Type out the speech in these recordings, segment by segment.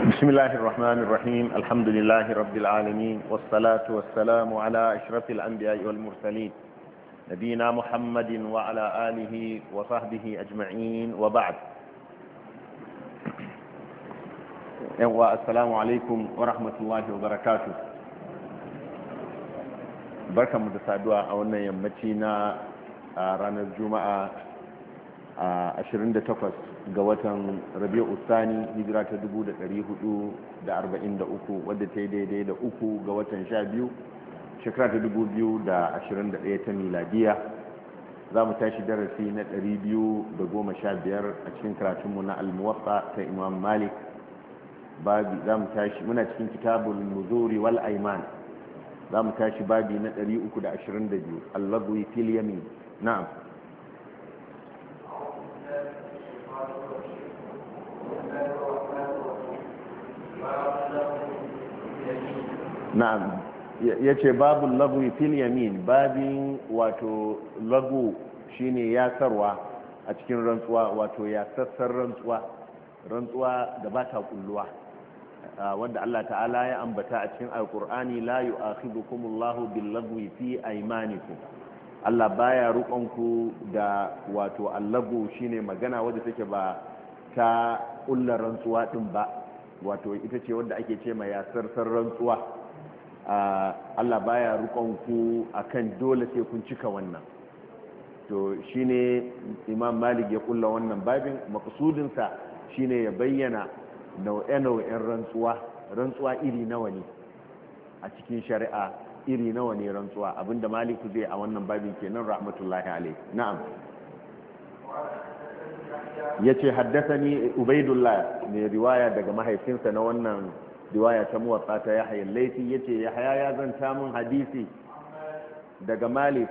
بسم الله الرحمن الرحيم الحمد لله رب العالمين والصلاة والسلام على أشرف الأنبياء والمرسلين نبينا محمد وعلى آله وصحبه أجمعين وبعد السلام عليكم ورحمة الله وبركاته بركة متسادوة أولنا يمتينا آه، رانا الجمعة 28 آه، ga watan rabi'u sani hijira ta 443 wadda ta yi daidai da uku ga watan sha biyu shekara ta 2021 ta miladiya za mu tashi darasi na 215 a cikin karatunmu na almuwafa ta imam malik babi za mu tashi muna cikin kitabul muzuri wal aiman za mu tashi babi na 322 allagwi fil yamin na'am na'am ya ce babu lagu fil yamin babin wato lagu shine yasarwa a cikin rantsuwa wato yasassar rantsuwa rantsuwa da ba ta kulluwa wanda Allah ta'ala ya ambata a cikin alkur'ani la yu'akhidhukumullahu bil lagwi fi aymanikum Allah baya ku da wato allago shine magana wadda take ba ta ullar rantsuwa din ba wato ita ce wadda ake ce ma yasarsar rantsuwa Allah baya ku akan dole sai kun cika wannan to shine imam malik ya kulla wannan babin maksudinsa shine ya bayyana nau'e-nau'en rantsuwa rantsuwa iri nawa ne a cikin shari'a iri nawa ne rantsuwa abinda maliku zai a wannan babin kenan rahmatullahi ala'i. na'am yace ni ubaidullah ne riwaya daga mahaifinsa na wannan riwaya ta muwatta ta yahya laifi yace yahya ya zanta min hadisi daga malik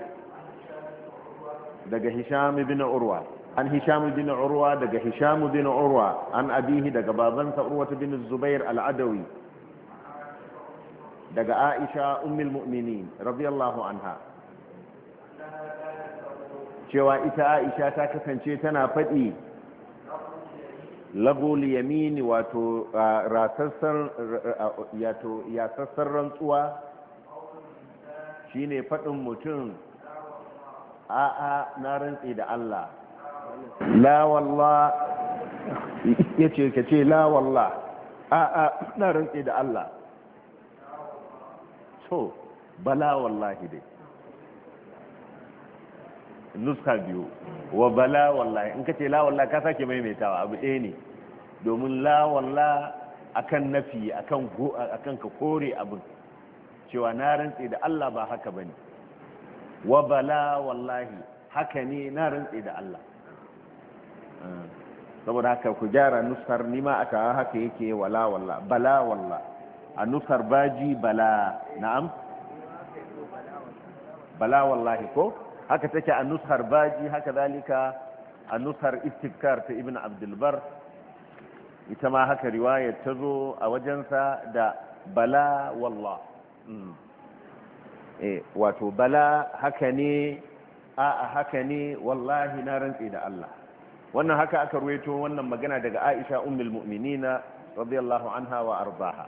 daga hisham ibn urwa an hisham ibn urwa daga hisham ibn urwa an abihi daga babansa urwa bin zubair al-adawi daga aisha ummul mu'minin radiyallahu anha cewa ita aisha ta kasance tana faɗi lagol yamini wato sassar rantsuwa shine faɗin mutum a'a na rantsi da Allah la wallahi yace kace la wallahi a a a'a na rantsi da Allah to bala wallahi dai nuska biyu wa bala wallahi in ka ce la wallahi ka sake maimaitawa abu ɗaya ne domin la wallahi akan nafi akan akan ka kore abin cewa na rantse da Allah ba haka bane wa bala wallahi haka ne na rantse da Allah saboda haka ku gyara nuskar nima aka haka yake wala wallahi bala walla a nusar baji bala na'am bala wallahi ko haka take a nusar baji haka zalika a nusar istifkar ta ibn abdulbar ita ma haka riwayar ta zo a wajensa da bala wallah mm. eh, wato bala haka ne a haka ne wallahi na rantse da Allah wannan haka aka ruwaito wannan magana daga Aisha ummul mu'minina radiyallahu anha wa ardaha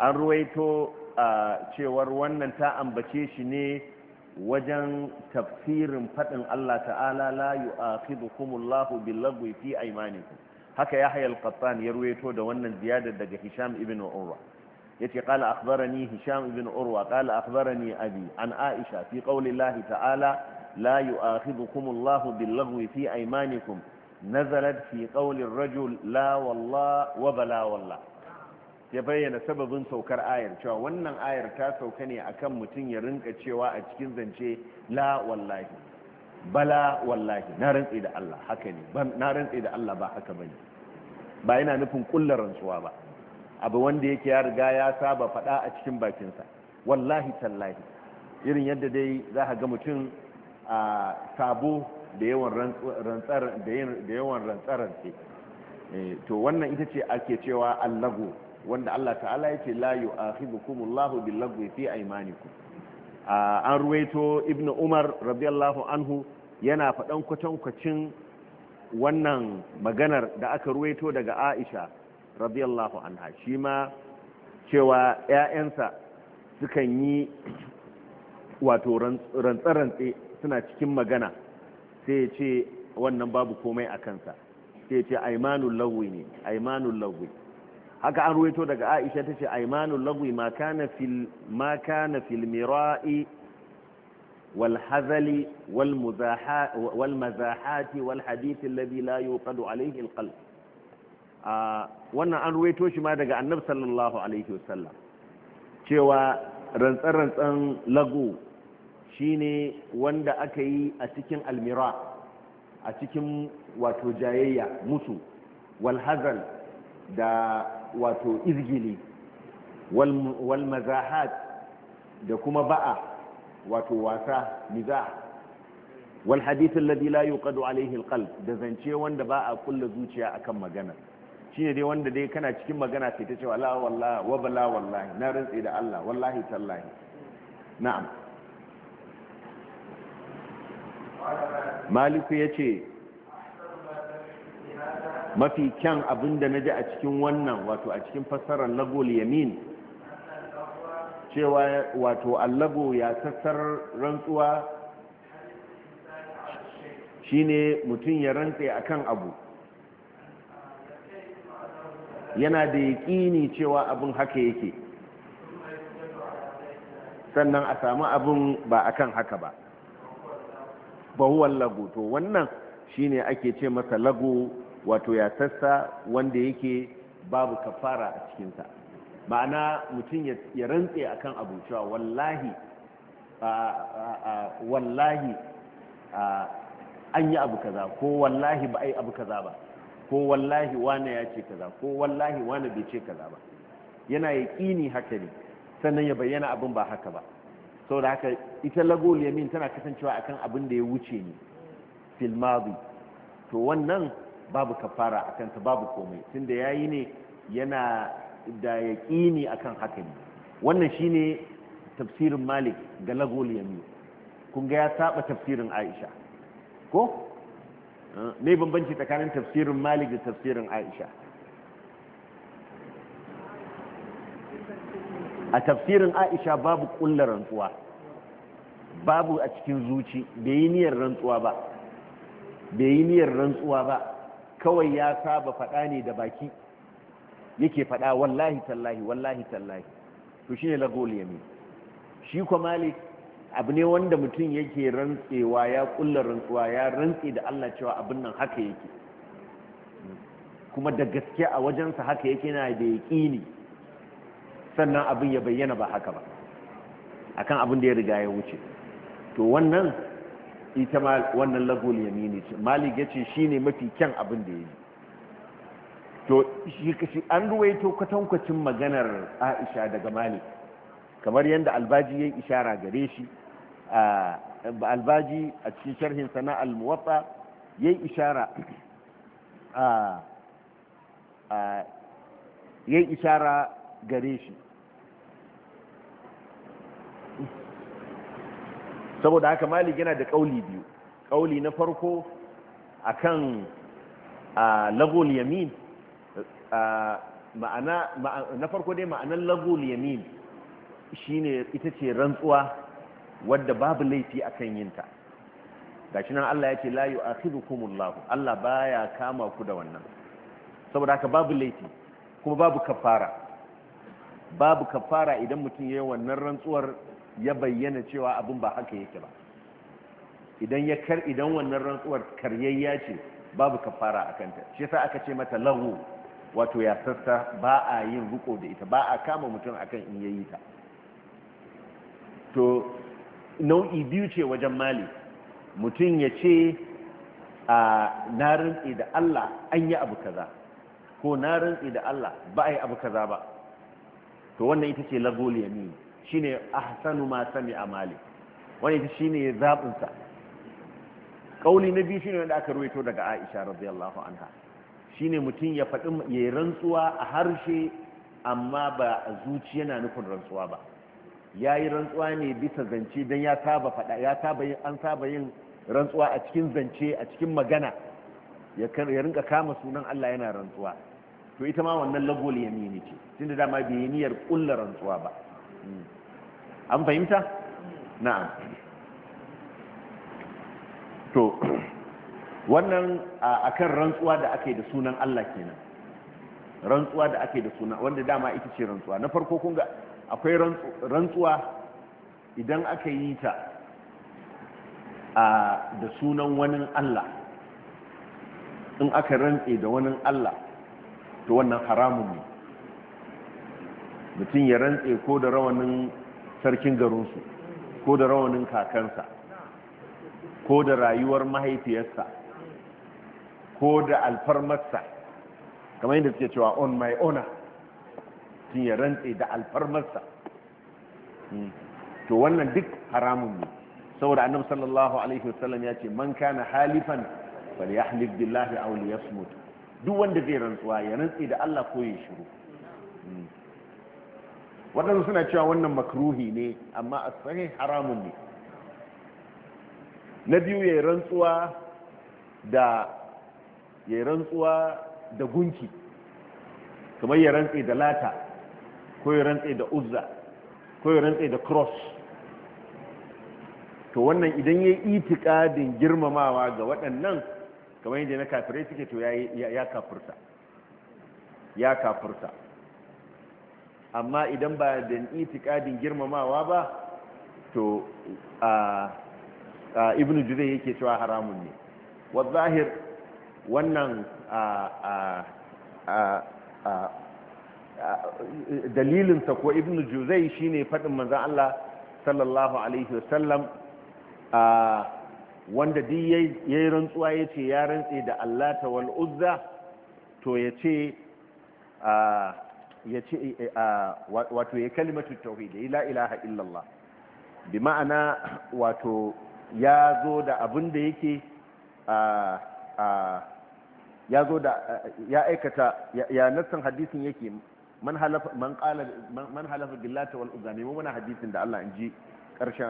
an ruwaito a cewar wannan ta ambace shi ne wajen tafsirin faɗin Allah ta'ala la yu'akhidhukumullahu billaghwi fi aymanikum haka ya al-qattan ya ruwaito da wannan ziyadar daga Hisham ibn Urwa yace qala akhbarani Hisham ibn Urwa qala akhbarani abi an Aisha fi ƙaunin ta'ala la yu'akhidhukumullahu billaghwi fi aymanikum nazalat fi qawli ar-rajul la wallah wa bala wallah ya bayyana sababin saukar ayar cewa wannan ayar ta sauka ne akan mutum ya rinka cewa a cikin zance la wallahi bala wallahi na rantsi da Allah haka ne na rantsi da Allah ba haka bane ba yana nufin kullar rantsuwa ba abu wanda yake ya riga ya saba fada a cikin bakinsa wallahi tallahi irin yadda dai za ka ga mutum a sabo da yawan rantsar da yawan rantsarance eh, to wannan ita ce ake cewa allahu. wanda Allah ta'ala yake la yu'akhidhukumullahu billaghwi fi aymanikum an ruwaito ibnu umar radiyallahu anhu yana faɗan kwatankwacin wannan maganar da aka ruwaito daga aisha radiyallahu anha shi ma cewa 'ya'yansa sukan yi wato rantse suna cikin magana sai ya ce wannan babu komai a kansa sai ya ce aimanun lagwi ne aimanun lagwi haka an ruwaito daga aisha ta ce aimanul lagwi ma kana fil mira'i wal hazali wal muzaha wal mazahati wal hadith alladhi la yuqadu alayhi al qalb wannan an ruwaito shi ma daga annab sallallahu alaihi sallam cewa rantsan-rantsan lagu shine wanda aka yi a cikin almira a cikin wato jayayya musu wal walhazal da wato izgili walmazahad da kuma ba'a wato wasa niza wal hadith alladhi la yuqadu alayhi alqalb da zance wanda ba a kulla zuciya akan magana shine dai wanda dai kana cikin magana sai ta ce wala wallahi wa bala wallahi na rantsi da Allah wallahi tallahi na'am maliku yace mafi kyan abin da na ji a cikin wannan wato a cikin fassarar lagol yamin cewa wato allago ya sassar rantsuwa shine mutum ya rantse akan abu yana da yaƙini cewa abin haka yake sannan a samu abin ba kan haka ba ba huwan lagu to wannan shine ake ce masa lagu wato ya sassa wanda yake babu kafara a cikinsa ma'ana mutum ya rantse akan abu cewa wallahi wallahi an yi abu kaza ko wallahi ba a yi abu kaza ba ko wallahi wane ya ce kaza ko wallahi wane bai ce kaza ba yana ya ƙini haka ne sannan ya bayyana abin ba haka ba sau da haka ita lagoliyamin tana kasancewa akan abin da ya wuce ne filmabi to wannan babu kafara a kanta babu komai tunda ya yi ne yana da yaƙini akan haka ne wannan shi ne tafsirin malik ga lagol yami kun ga ya saba tafsirin aisha ko ne bambanci tsakanin tafsirin malik da tafsirin aisha a tafsirin aisha babu kullar rantsuwa babu a cikin zuci bai yi niyyar rantsuwa ba bai yi niyyar rantsuwa ba kawai ya saba faɗa ne da baki yake faɗa wallahi tallahi wallahi tallahi to shi ne lagol yamin shi ko malik abu ne wanda mutum yake rantsewa ya kulla rantsuwa ya rantse da Allah cewa abin nan haka yake kuma da gaske a wajensa haka yake na da yaƙini sannan abin ya bayyana ba haka ba akan abin da ya riga ya wuce to wannan ita ma wannan lagol yamini ce malik ya ce shi ne mafi kyan abin da ya yi to shi an ruwaito kwatankwacin maganar aisha daga malik kamar yadda albaji ya yi ishara gare shi albaji a cikin sharhin sana almuwatsa ya yi ishara ya yi ishara gare shi saboda haka malik yana da kauli biyu kauli na farko akan lagul yamin na farko dai ma'anar lagul yamin shine ita ce rantsuwa wadda babu laifi akan yinta gashi nan Allah ya ce la yu'akhidhukumullahu Allah baya kama ku da wannan saboda haka babu laifi kuma babu kafara babu kafara idan mutum yi wannan rantsuwar ya bayyana cewa abin ba haka yake ba idan ya kar idan wannan rantsuwar karyayya ce babu kafara a kanta shi yasa aka ce mata lahu wato ya sassa ba a yin ruko da ita ba a kama mutum akan in yayi ta to nau'i biyu ce wajen mali mutum ya ce a na rantsi da Allah an yi abu kaza ko na rantsi da Allah ba a yi abu kaza ba to wannan ita ce lagol shine ahsanu ma sami'a malik wani shine zabin sa kauli na biyu shine wanda aka ruwaito daga Aisha radiyallahu anha shine mutum ya faɗi ya rantsuwa a harshe amma ba a zuci yana nufin rantsuwa ba ya yi rantsuwa ne bisa zance don ya saba faɗa ya saba yin an saba yin rantsuwa a cikin zance a cikin magana ya rinka kama sunan Allah yana rantsuwa to ita ma wannan lagol yamini ce tunda dama bai yi niyyar kullar rantsuwa ba an fahimta na'am to wannan akan rantsuwa da ake da sunan Allah kenan rantsuwa da ake da suna wanda dama ita ce rantsuwa na farko kun ga akwai rantsuwa idan aka yi ta da sunan wani Allah in aka rantse da wani Allah to wannan haramun ne mutum ya rantse ko da rawanin sarkin garinsu ko da rawanin kakansa ko da rayuwar mahaifiyarsa ko da alfarmarsa kamar yadda suke cewa on my honor mutum ya rantse da alfarmarsa hmm. to wannan duk haramun ne saboda annabi sallallahu alaihi wasallam ya ce man kana halifan falyahlif billahi aw liyasmut duk wanda zai rantsuwa ya rantse da Allah ko ya shiru hmm. waɗansu suna cewa wannan makruhi ne amma a sahih haramun ne na biyu ya rantsuwa da ya rantsuwa da gunki kamar ya rantse da lata ko ya rantse da uzza ko ya rantse da cross to wannan idan ya yi itikadin girmamawa ga waɗannan kamar yadda na kafirai suke to ya kafurta ya kafurta amma idan ba da itikadin girmamawa ba to a ibn juzay yake cewa haramun ne wa zahir wannan dalilinsa ko ibnu juzai shine faɗin manzan Allah sallallahu alaihi wasallam wanda di yayi rantsuwa yace ya rantse da Allah ta wal uzza to yace a ya ce eh, eh, wato ya kalimatu tauhid ila la ilaha illallah bi ma'ana wato ya zo da abin da yake ya zo da ya aikata ya nassan hadisin yake man halafa man qala man halafa billahi wal uzami mu muna hadisin da Allah in ji karshen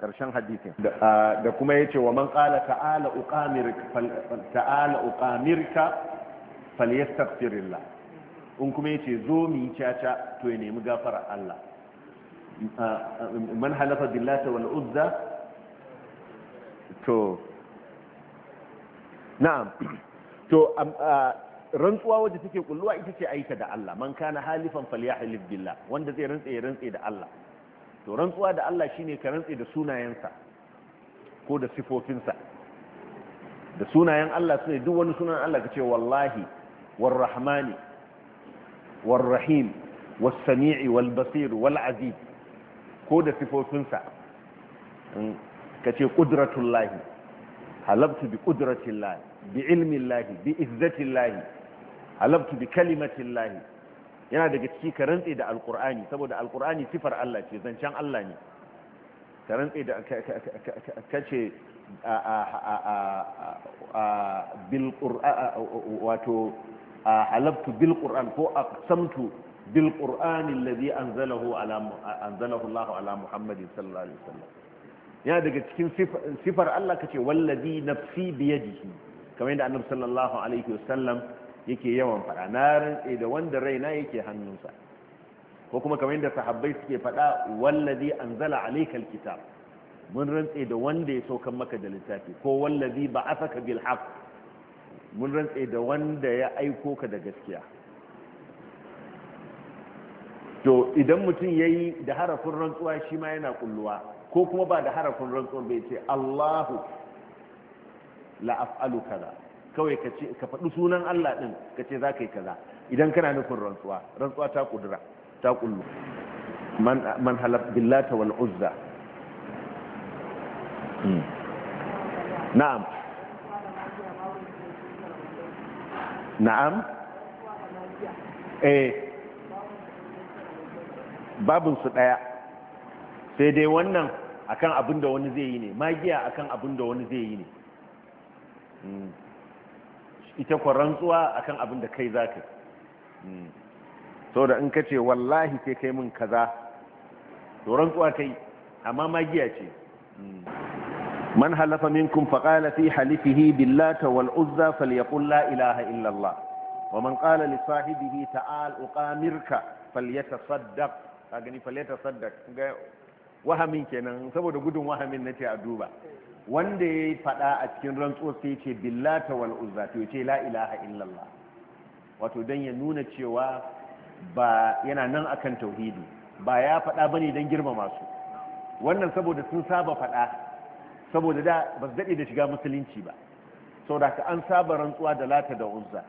karshen hadisin da kuma yace wa man qala ta'ala uqamirka ta'ala uqamirka falyastaghfirillah in kuma ya ce zo mu yi caca to ya nemi gafara Allah man halafa billata wal uzza to na'am to rantsuwa wadda take kulluwa ita ce aika da Allah man kana halifan falyahlif billah wanda zai rantsa ya rantsa da Allah to rantsuwa da Allah shine ka rantsa da sunayensa ko da sifofinsa da sunayen Allah sune duk wani sunan Allah kace wallahi warrahmani war rahim wasami'i walbasir wal'aziz ko da sifofinsa ka ce ƙudratullahi halabtu bi ƙudratillahi bi ilmillahi bi izzatillahi halabtu kalimatillahi yana daga ciki ka rantse da alƙur'ani saboda alƙur'ani sifar Allah ce zancen Allah ne ka rantse da ka ce wato A halabtu bil qur'an ko a samtu bil qur'an alladhi anzalahu ala anzalahu Allah ala Muhammadin sallallahu alaihi wasallam ya daga cikin sifar Allah ka kace wallazi fi biya jiki kamar yadda annabi sallallahu alaihi wasallam yake yawan fada na rantsa da wanda raina yake hannunsa ko kuma kamar yadda sahabbai suke fada wallazi anzala alayka alkitab mun rantsa da wanda ya saukan maka da littafi ko wallazi ba'athaka bil haqq mun rantse da wanda ya aiko ka da gaskiya to idan mutum ya yi da harafin rantsuwa shi ma yana kulluwa ko kuma ba da harafin rantsuwa bai ce allahu la'af'alu kaza kawai ka faɗi sunan allah ɗin ka ce za ka kaza idan kana nufin rantsuwa rantsuwa ta kudura ta kullu man halaf billata wal uzza hmm. na'am na'am eh su ɗaya sai dai wannan akan abin da wani zai yi ne magiya akan abin da wani zai yi ne hmm. ita kwarantsuwa akan abin da kai za ka hmm. sau da in ka ce wallahi sai kai mun kaza to rantsuwa kai amma magiya ce hmm. man halafa minkum faqala fi halifihi billata wal uzza falyaqul la ilaha illa wa man qala li sahibihi ta'al uqamirka falyatasaddaq ka kenan saboda gudun wahamin nace a duba wanda ya fada a cikin rantsuwar sai ce billata wal uzza to ce la ilaha illa Allah wato dan ya nuna cewa ba yana nan akan tauhidi ba ya fada bane dan girmama su wannan saboda sun saba fada saboda da ba su daɗe da shiga musulunci ba saboda ka an saba rantsuwa da lata da uzza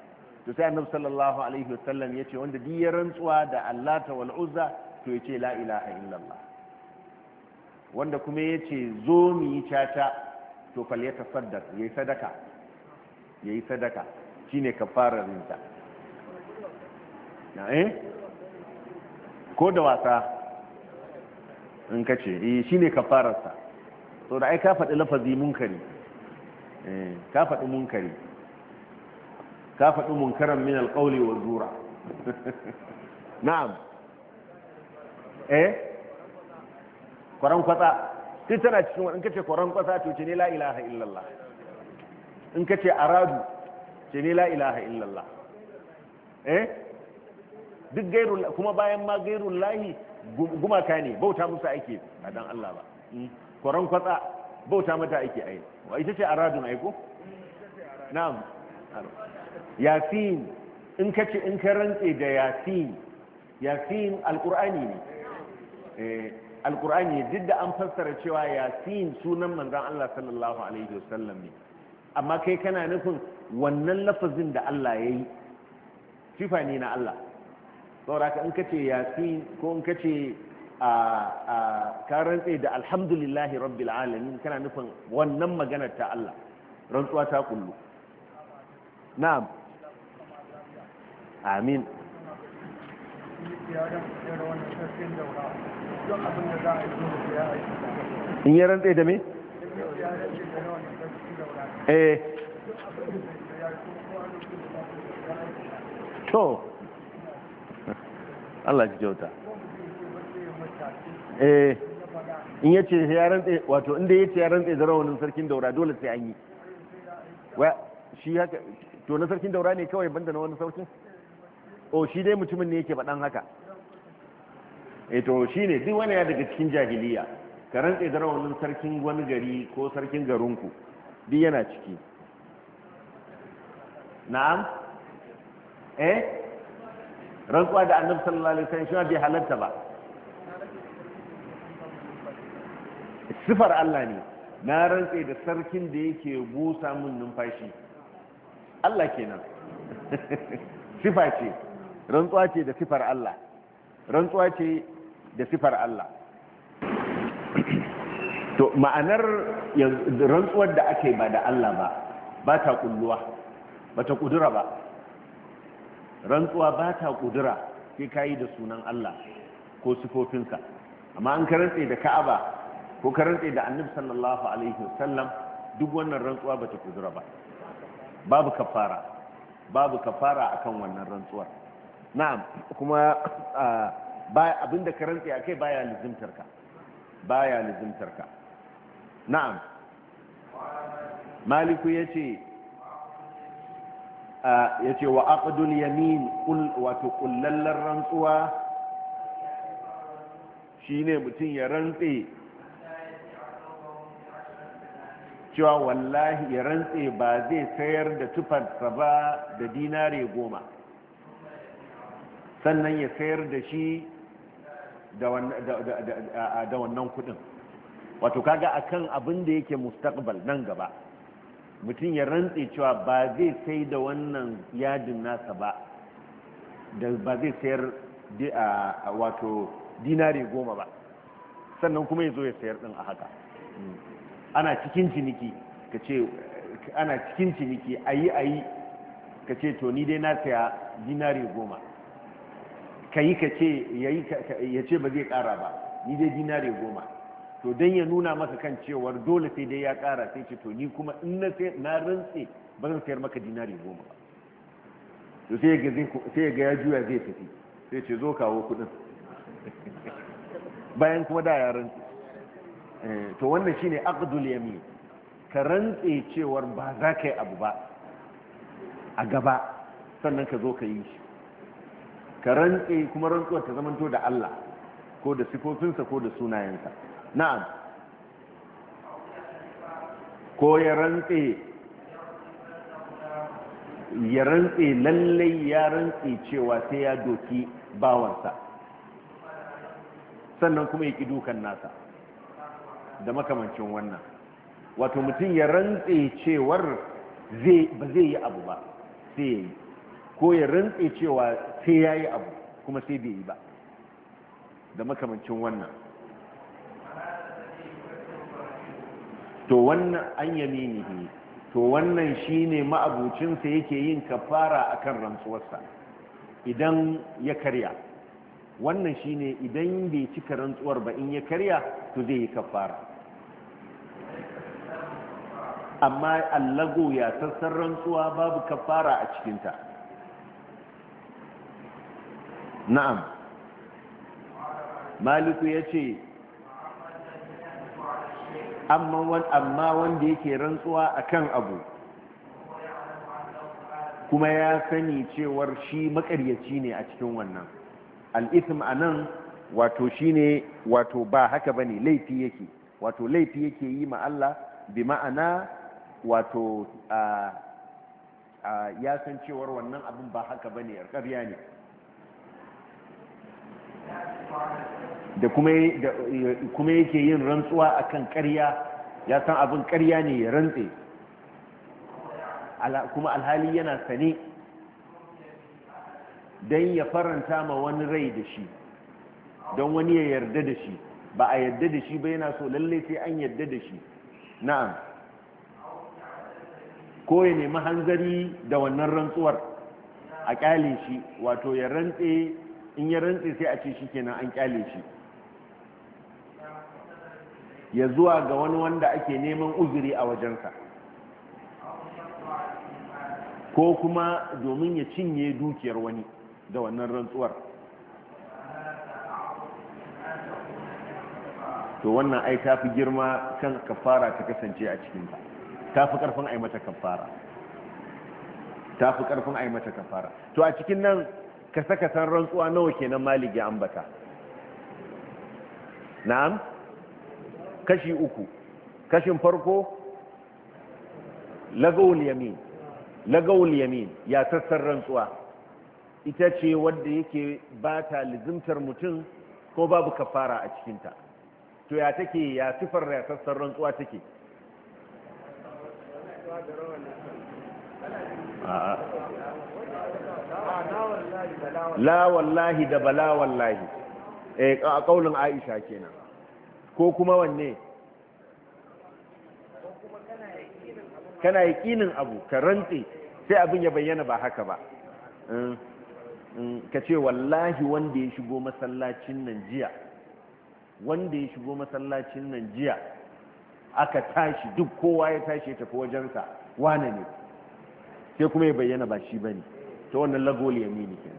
to sai annabi sallallahu alaihi wasallam ya ce wanda duk rantsuwa da allata wal uzza to ya ce la ilaha illallah wanda kuma ya ce zo mu yi caca to fal ya tasaddaq yayi sadaka yayi sadaka shine kafarar rinta na eh ko da wasa in kace eh shine kafararsa so da ai ka faɗi lafazi munkari eh, ka faɗi munkari ka faɗi munkaran min alƙauli wa zura na'am eh kwaran kwatsa sai tana cikin wani kace kwaran kwatsa to ce ne la ilaha illallah in kace aradu ce ne la ilaha illallah eh duk gairun kuma bayan ma gairun lahi gumaka ne bauta musu ake a dan Allah ba hmm. kwaron kwatsa bauta mata ake aiki, wa ita ce aiko na'am yasin in ka ce in ka rantse da yasin yasin alqur'ani ne eh, alqur'ani duk da an fassara cewa yasin sunan manzon Allah sallallahu alaihi wasallam ne amma kai kana nufin wannan lafazin da Allah yayi sifa ne na Allah saboda in ka ce yasin ko in ka ce ka rantse da alhamdulillahi rabbil alamin kana nufin wannan magana ta Allah rantsuwa ta kullu na'am amin in yi rantse da me? eh to Allah ji kyauta Eh, in ya ce ya rantse wato inda ya ce ya rantse da rawanin sarkin daura dole sai an yi shi haka to na sarkin daura ne kawai banda na wani sarkin o shi dai mutumin ne yake baɗan haka e to shi ne duk wani ya daga cikin jahiliya ka rantse da rawanin sarkin wani gari ko sarkin garinku duk yana ciki na'am eh rantsuwa da annabi sallallahu alaihi wasallam shi bai halarta ba sifar Allah ne na rantse da sarkin da yake busa mun numfashi Allah kenan sifa ce rantsuwa ce da sifar Allah rantsuwa ce da sifar Allah to ma'anar rantsuwar da ake ba da Allah ba ba ta kulluwa ba ta kudura ba rantsuwa ba ta kudura sai ka yi da sunan Allah ko sifofinsa amma an karantse da ka'aba ko ka rantse da annabi sallallahu alaihi wasallam duk wannan rantsuwa bata kuzura ba babu kafara babu kafara akan wannan rantsuwar na'am kuma ba abinda ka rantse akai baya lizimtar ka baya lizimtar ka na'am maliku yace yace wa aqdul yamin qul wato kullallar rantsuwa shine mutum ya rantse cewa wallahi ya rantse ba zai sayar da tufarsa ba da dinare goma sannan ya sayar da shi da wannan kudin wato kaga akan abin da yake mustaqbal nan gaba mutum ya rantse cewa ba zai sai da wannan yadin nasa ba da ba zai sayar da wato dinare goma ba sannan kuma ya zo ya sayar din a haka hmm. ana cikin ciniki ka ce ana cikin ciniki ayi ayi ka ce to ni dai na saya dinari goma ka yi ka ce ya ce ba zai kara ba ni dai dinari goma to don ya nuna maka kan cewar dole sai dai ya kara sai ce to ni kuma in na rantse ba zan sayar maka dinari goma ba to sai ga ya juya zai tafi sai ce zo kawo kudin bayan kuma da ya rantse Eh, to wannan shine aqdul yamin ka rantse cewar ba za ka yi abu ba a gaba sannan ka zo ka yi shi ka rantse kuma rantsuwar ta zamanto da Allah ko da sifofinsa ko da sunayensa na'am ko ya rantse ya rantse lallai ya rantse cewa sai ya doki bawansa sannan kuma ya ƙi dukan nasa da makamancin wannan wato mutum ya rantse cewar ba zai yi abu ba sai ya yi ko ya rantse cewa sai ya yi abu kuma sai bai yi ba da makamancin wannan to wannan an ne to wannan shine ma'abucinsa yake yin kafara akan rantsuwarsa idan ya karya wannan shine idan bai cika rantsuwar ba in ya karya to zai yi kafara amma allago ya sassan rantsuwa babu kafara a cikinta na'am maliku ya ce amma wanda yake rantsuwa a kan abu kuma ya sani cewar shi makaryaci ne a cikin wannan al'ithim a nan wato shi ne wato ba haka ba ne laifi yake wato laifi yake yi ma Allah bi ma'ana wato ya san cewar wannan abin ba haka ba ne ƙarya ne da kuma yake yin rantsuwa a kan ƙarya ya san abin ƙarya ne ya rantse kuma alhali yana sane don ya faranta ma wani rai da shi don wani ya yarda da shi ba a yarda da shi ba yana so lallai sai an yarda da shi na'am ko ya nemi hanzari da wannan rantsuwar a kyale shi wato ya rantse in ya rantse sai a ce shi kenan an kyale shi ya zuwa ga wani wanda ake neman uzuri a wajensa ko kuma domin ya cinye dukiyar wani da wannan rantsuwar to wannan ai ta fi girma kan kafara ta kasance a cikinta tafi karfin a yi mata kafara ta karfin a mata kafara to a cikin nan ka saka san rantsuwa nawa kenan maliki ambata na'am kashi uku kashin farko lagawul yamin lagawul yamin ya tassar rantsuwa ita ce wadda yake ba ta lizimtar mutum ko babu kafara a cikinta to ya take ya sifar ya tassar rantsuwa take la wallahi da bala wallahi eh, a kaulin aisha kenan ko kuma wanne kana yakinin abu ka rantse sai abin ya bayyana ba haka ba mm, mm, ka ce wallahi wanda ya shigo masallacin nan jiya wanda ya shigo masallacin nan jiya aka tashi duk kowa ya tashi ya tafi wajensa wane ne sai kuma ya bayyana ba shi bane ta wannan ya mini ke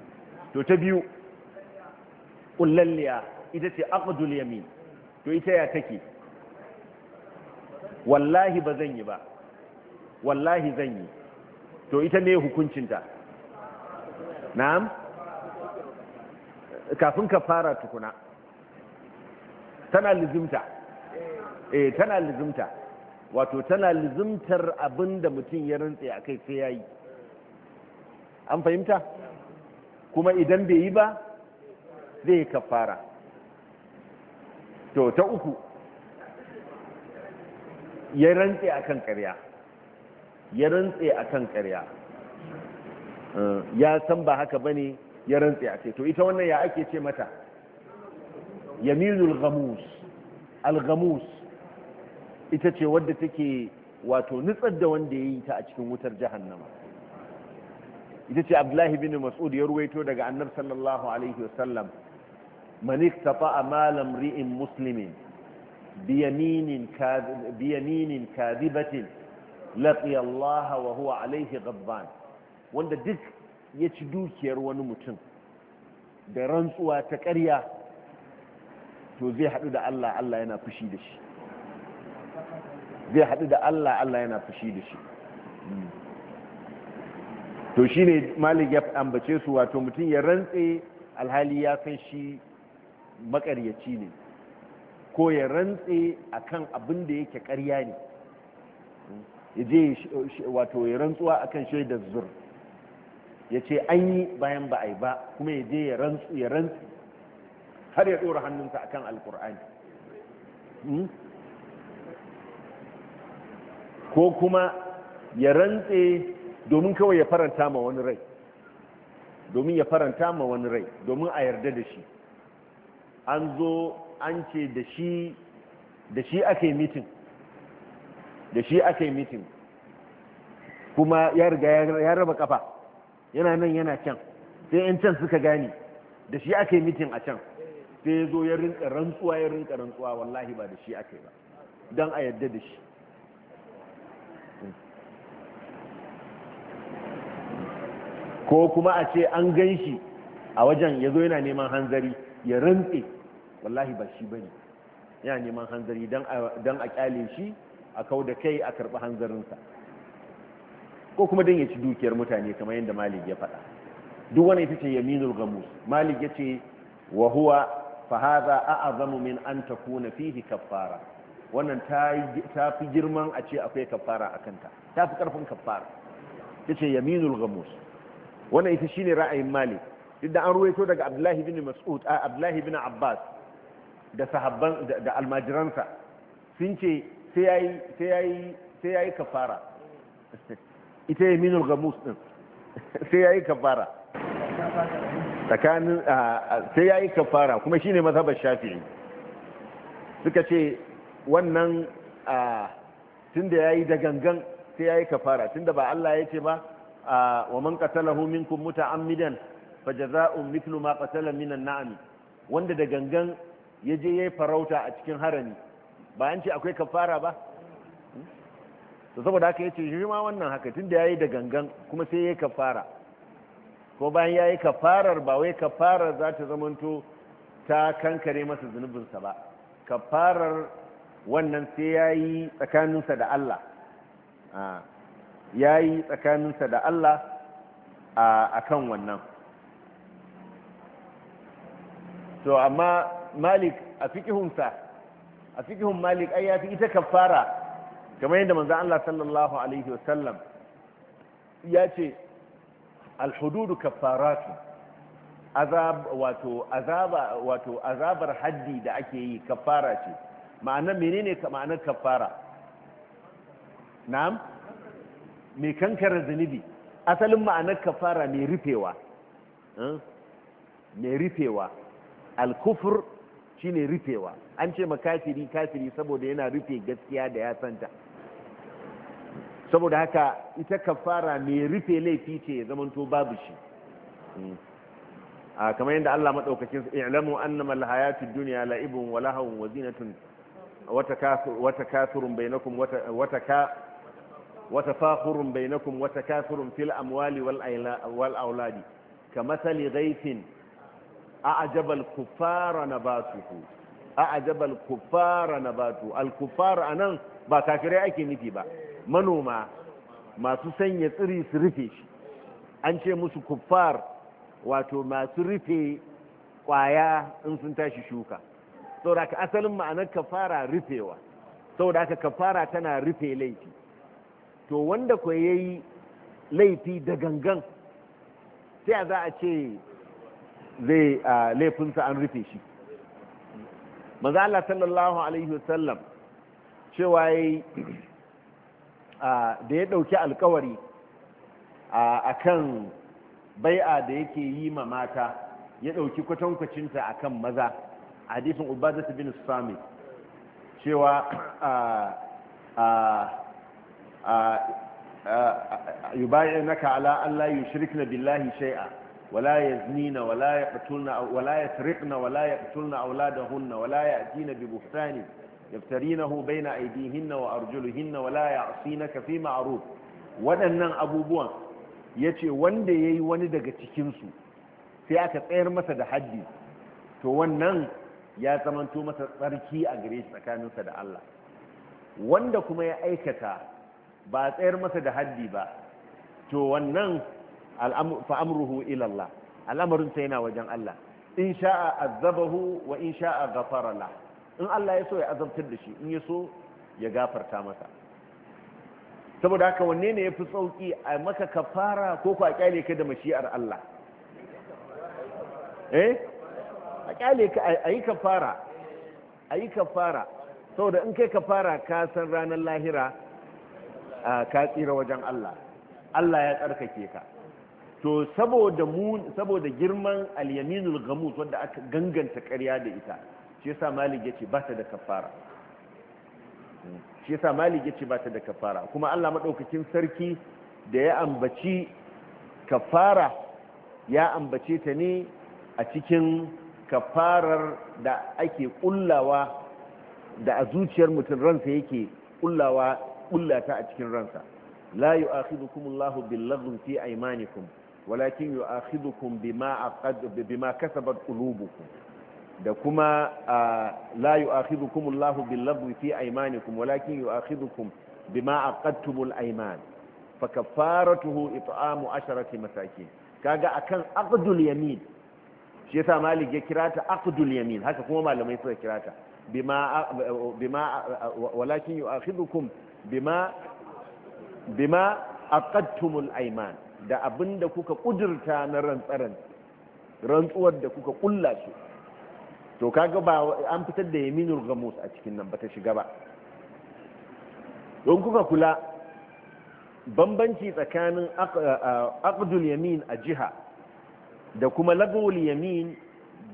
to ta biyu ƙullalliya ita ce ya yamin to ita ya take wallahi ba zan yi ba wallahi zan yi to ita ne hukuncinta na'am kafin ka fara tukuna tana lizimta eh tana lizimta wato tana lizimtar abinda mutum ya rantse a kai sai ya yi an fahimta kuma idan bai yi ba zai yi kafara to ta uku ya rantse a kan karya ya rantse a kan eh, ya san ba haka ba ne ya rantse a kai to ita wannan ya ake ce mata yamilul gamus al-gamus ita ce wadda take wato nutsar da wanda ya yi ta a cikin wutar jahannama ita ce abdullahi bin mas'ud ya ruwaito daga annar sallallahu alaihi wasallam manik tafa a malam ri'in muslimin biyaminin kadibatin laƙi Allah wa huwa alaihi gabban wanda duk ya ci dukiyar wani mutum da rantsuwa ta karya to zai haɗu da Allah Allah yana fushi da shi zai haɗu da Allah Allah yana fushi da shi to shi ne malik ya ambace su wato mutum ya rantse alhali ya san shi makaryaci ne ko ya rantse akan abin da yake karya ne ya je wato ya rantsuwa akan shaidar zur ya ce an yi bayan ba a yi ba kuma ya je ya rantsu ya rantsu har ya ɗora hannunsa akan alkur'ani hmm? ko kuma ya rantse domin kawai ya faranta ma wani rai domin ya faranta ma wani rai domin a yarda da shi an zo an ce da shi da shi aka yi mitin da shi aka yi mitin kuma ya riga ya raba kafa yana nan yana can sai 'yan can suka gane da shi aka yi mitin a can sai ya zo ya rinka rantsuwa ya rinka rantsuwa wallahi ba da shi aka yi ba don a yarda da shi ko kuma a ce an gan shi a wajen ya zo yana neman hanzari ya rantse wallahi ba shi bane yana neman hanzari don a kyale shi a kau da kai a karɓi hanzarinsa ko kuma don ya ci dukiyar mutane kamar yadda malik ya faɗa duk wani ita ce minul gamus malik ya ce wa huwa fahaza a a'zamu min an takuna fihi kafara. wannan ta fi girman a ce akwai kaffara a kanta ta fi karfin kaffara ta ce minul gamus wannan ita shine ra'ayin malik duk da an ruwaito daga abdullahi bin mas'ud a abdullahi bin abbas da sahabban da almajiransa sun ce sai yayi sai yayi sai yayi kafara ita yaminul gamus din sai yayi kafara tsakanin sai yayi kafara kuma shine mazhabar shafi'i suka ce wannan tunda yayi da gangan sai yayi kafara tunda ba Allah ya ce ba wa man qatalahu minkum muta'ammidan fajaza'un mithlu ma qatala minan na'am wanda da gangan yaje yayi farauta a cikin harami ba an ce akwai kafara ba to saboda haka yace shi ma wannan haka tunda yayi da gangan kuma sai yayi kafara ko bayan yayi kafarar ba wai kafarar za ta zamanto ta kankare masa zunubinsa ba kafarar wannan sai yayi tsakaninsa da Allah ya yi tsakaninsa da Allah a kan wannan to amma malik a fikihunsa a fikihun malik ai ya fi ita kafara kamar yadda manzan Allah sallallahu alaihi wasallam ya ce alhududu kafaratu azab wato azaba wato azabar haddi da ake yi kafara ce ma'anar menene ma'anar kafara na'am mai kankara zunubi asalin ma'anar kafara mai rufewa mai rufewa alkufur shine rufewa an ce ma kafiri kafiri saboda yana rufe gaskiya da ya santa saboda haka ita kafara mai rufe laifi ce ya zamanto babu shi hmm. a kamar yadda Allah madaukakin i'lamu annama alhayatud duniya la'ibun wa lahawun wa zinatun bainakum wata وتفاخر بينكم وتكاثر في الأموال والأولاد كمثل غيث أعجب الكفار نباته أعجب الكفار نباته الكفار أنا باكاكري أكي نتبا منو ما ما تسن يسري سرفش أنشي مسو كفار واتو ما سرفي قايا in sun tashi shuka saboda ka asalin ma'anar kafara rufewa saboda haka kafara tana rufe to wanda ya yayi laifi da gangan sai za a ce zai laifinsa an rufe shi maza Allah sallallahu alaihi wasallam cewa ya yi da ya ɗauki alkawari a kan bai'a da yake yi ma mata ya ɗauki kwatankwacinta a kan maza a hadisin ubadatu bin sami cewa yubayyinaka ala an la yushrikna billahi shay'a ولا يزنين ولا يقتلن ولا يسرقن ولا يقتلن أولادهن ولا يأتين ببهتان يفترينه بين أيديهن وأرجلهن ولا يعصينك في معروف waɗannan abubuwan ya ce wanda ya yi wani daga cikinsu sai aka tsayar masa da haddi to wannan ya zamanto masa tsarki a gare shi tsakaninsa da Allah wanda kuma ya aikata ba a tsayar masa da haddi ba to wannan fa'amruhu ilallah al'amarinsa yana wajen Allah in sha'a azabahu wa in sha'a gafara la in Allah ya so ya azabtar da shi in ya so ya gafarta masa saboda haka wanne ne ya fi sauki a maka kafara ko ku a kyale ka da mashi'ar Allah eh a kyale ka a yi kafara a yi kafara saboda in kai kafara ka san ranar lahira ka tsira wajen Allah Allah ya tsarkake ka to saboda mu saboda girman al-yaminul ghamus wanda aka ganganta ƙarya da ita shi yasa malik yace ba ta da kafara hmm. shi yasa malik yace ba ta da kafara kuma Allah madaukakin sarki da ya ambaci kafara ya ambace ta ne a cikin kafarar da ake kullawa da a zuciyar mutum ransa yake kullawa kullata a cikin ransa la yu'akhidukum Allahu bil-laghwi fi kuma. walakin yu'akhidukum bima aqad bima kasabat qulubukum da kuma la yu'akhidukum Allahu bil-laghwi fi aymanikum walakin yu'akhidukum bima aqadtumul ayman fa kaffaratuhu it'amu 10 masakin kaga akan aqdul yamin shi yasa malik ya kira ta aqdul yamin haka kuma malamai suka kira ta bima bima walakin yu'akhidukum bima bima aqadtumul ayman da abinda kuka kudurta na rantsaran rantsuwar da kuka kulla su to kaga ba an fitar da yaminul ghamus a cikin nan ba ta shiga ba don kuka kula bambanci tsakanin aqdul yamin a jiha da kuma lagul yamin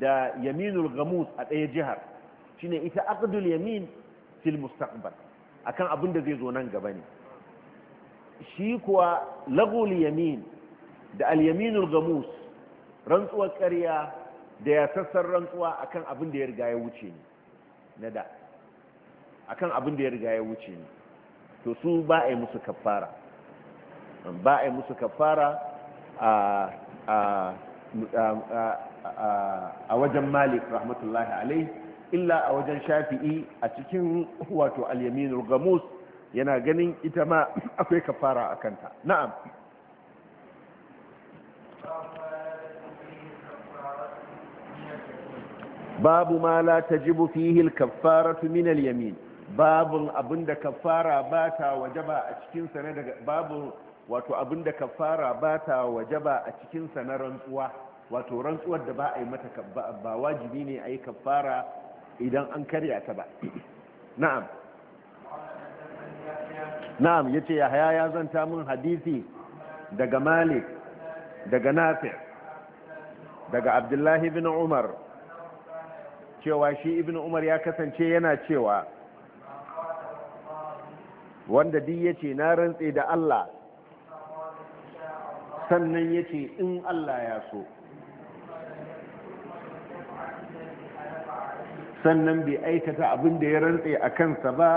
da yaminul ghamus a ɗaya jihar shine ita aqdul yamin fil mustaqbal akan abin da zai zo nan gaba ne shi kuwa lagul yamin da alyaminul gamus rantsuwar ƙarya da ya sassar rantsuwa akan abin da ya riga ya wuce ne na da akan abin da ya riga ya wuce ne to su ba a yi musu kafara ba a yi musu kafara a wajen malik rahmatullahi alaihi illa a wajen shafi'i a cikin wato al-yaminul gamus yana ganin ita ma akwai kafara a kanta na'am babu ma la tajibu fihi al-kaffaratu min al-yamin babun abinda kafara bata wajaba a cikin sa na daga babu wato abinda kafara bata wajaba a cikin sa na rantsuwa wato rantsuwar da ba a yi mata ba wajibi ne a yi kafara idan an karya ta ba na'am na'am yace yahaya ya zanta mun hadisi daga malik daga nafi daga abdullahi ibn umar cewa shi ibn umar ya kasance yana cewa wanda duk yace na rantse da Allah sannan yace in Allah ya so sannan bai aikata abin da ya rantse a kansa ba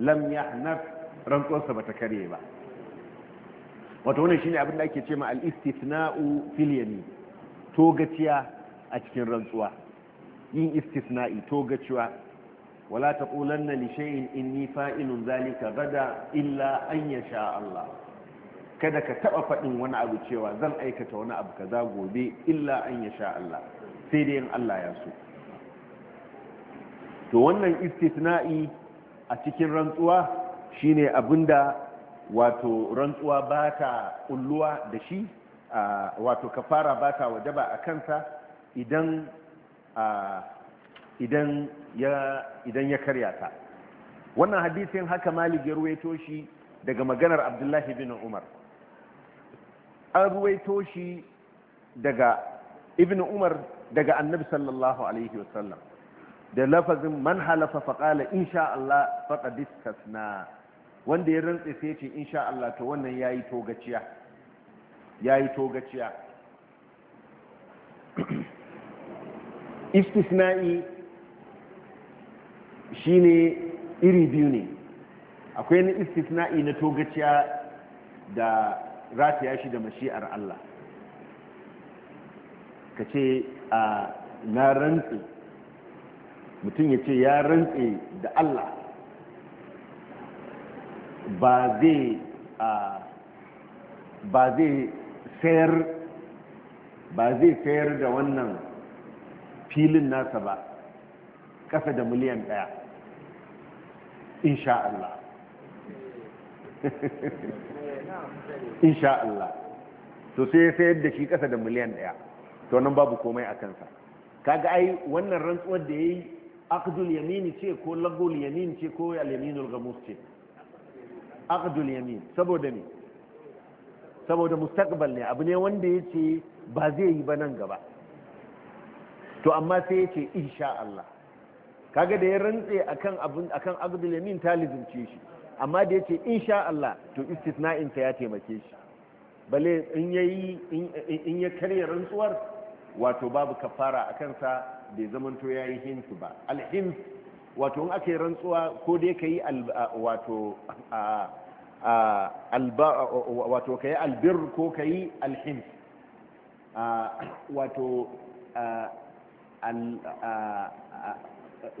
lam ya yahnaf rantsuwarsa ba ta kare ba wato wannan shine abin da ake ce ma al-istithna'u togaciya a cikin rantsuwa yin istithna'i togaciwa wala taqulanna li shay'in inni fa'ilun zalika gada illa an yasha Allah kada ka taɓa faɗin wani abu cewa zan aikata wani abu kaza gobe illa an yasha Allah sai dai in Allah ya so to wannan istisna'i a cikin rantsuwa shine abinda wato rantsuwa ba ta kulluwa da shi wato kafara ba ta wajaba a kansa idan idan ya idan ya karya ta wannan hadisin haka malik ya ruwaito shi daga maganar abdullahi bin umar an ruwaito shi daga ibn umar daga annabi sallallahu alaihi wasallam da lafazin man halafa faƙala insha Allah faƙadis na wanda ya rantse sai ce insha Allah to wannan ya yi togaciya ya yi togaciya istisna'i shi ne iri biyu ne akwai na istisna'i na togaciya da rataya shi da mashi'ar Allah ka ce a na rantse mutum ya ce ya rantse da Allah ba zai sayar da wannan filin nasa ba kasa da miliyan daya insha Allah insha Allah to sai ya sayar da shi kasa da miliyan daya to nan babu komai a kansa kaga ai wannan rantsuwar da ya yi aqdul yamin ce ko lagul yamin ce ko al-yaminul ghamus ce aqdul yamin saboda ne saboda mustaqbal ne abu ne wanda yace ba zai yi ba nan gaba to amma sai yace insha Allah kaga da ya rantse akan abun akan aqdul yamin talibin ce shi amma da yace insha Allah to istisna'in sa ya taimake shi bale in yayi in ya karya rantsuwar wato babu kafara a kansa bai zamanto ya yi hinsu ba alhins wato in aka yi rantsuwa ko dai ka yi wato ka yi albir ko ka yi alhins wato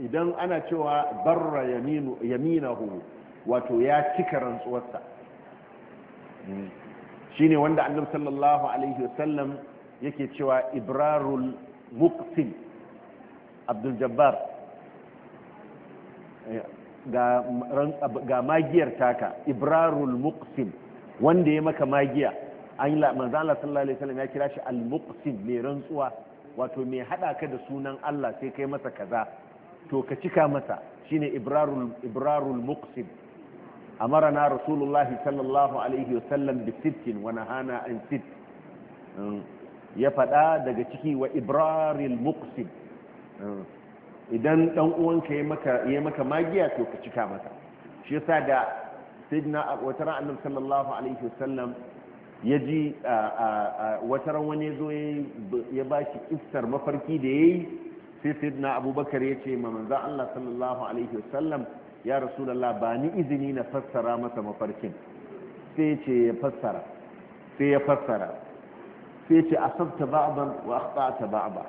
idan ana cewa barra Yamina hu, wato ya cika rantsuwarsa hmm. shi ne wanda annabi sallallahu alaihi wasallam yake cewa ibrarul muqsim abdul jabbar eh, ga magiyar taka ibrarul muqsim wanda ya maka magiya an manzo Allah sallallahu alaihi wasallam ya kira shi al muqsim mai rantsuwa wato mai hada ka da sunan Allah sai kai masa kaza to ka cika masa shine ibrarul ibrarul muqsim amarana rasulullahi sallallahu alaihi wasallam bi sittin wa nahana an sitt hmm. ya faɗa daga ciki wa ibraril muqsim idan dan uwanka ya maka ya magiya to ka cika maka shi yasa da sayyidina wata ran annabi sallallahu alaihi wasallam ya ji wata ran wani zo ya ba shi kissar mafarki da ya yi sai sayyidina abubakar ya ce ma manzon Allah sallallahu alaihi wasallam ya rasulullah ba ni izini na fassara masa mafarkin sai ce ya fassara sai ya fassara sai ce sabta ba'aban wa ba'aba.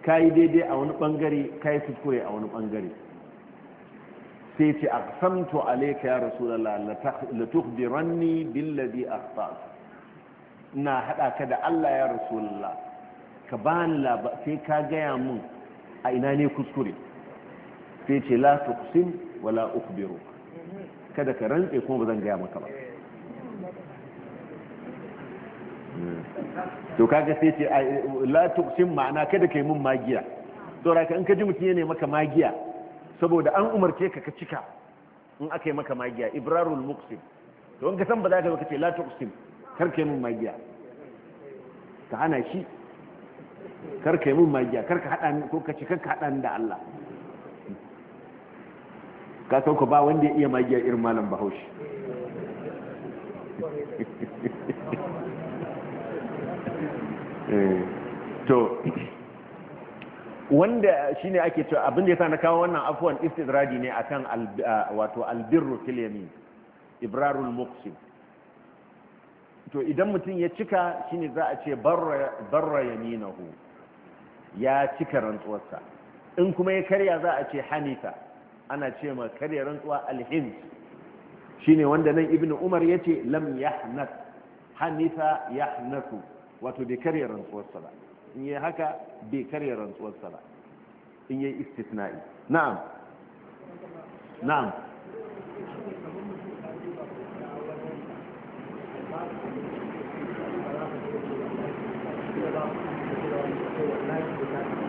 Ka yi daidai a wani bangare yi kuskure a wani bangare sai ce aqsamtu alayka ya rasulullah la tukhbiranni billadhi akhta'tu ina haɗa ka da Allah ya rasulullah ka bani labar sai ka gaya mun a ina ne kuskure sai ce la tuqsim wala ukhbiru kada ka rantse kuma ba zan gaya maka ba to kaga sai ce la tuqsim ma'ana kada kai mun magiya saboda ka in ka ji mutum ya maka magiya saboda an umarce ka ka cika in aka yi maka magiya ibrarul muqsim to in ka san ba za ka ce la tuqsim kar kai mun magiya ka hana shi kar kai mun magiya kar ka hada ko ka cika kar ka hada da Allah ka sauka ba wanda ya iya magiya irin malam Bahaushe to wanda shi ne ake cewa abin da sa na kawo wannan afwan istidraji ne a akan wato albirru filiyami ibrarul to idan mutum ya cika shi ne za a ce barra yaminahu ya cika rantsuwarsa in kuma ya karya za a ce hanita ana ce ma karya rantsuwa shi ne wanda nan ibnu umar ya yace lam yahnat hanifa wato bai karya rantsuwarsa ba in yi haka bai karya rantsuwarsa ba in yi istisna'i na'am na'am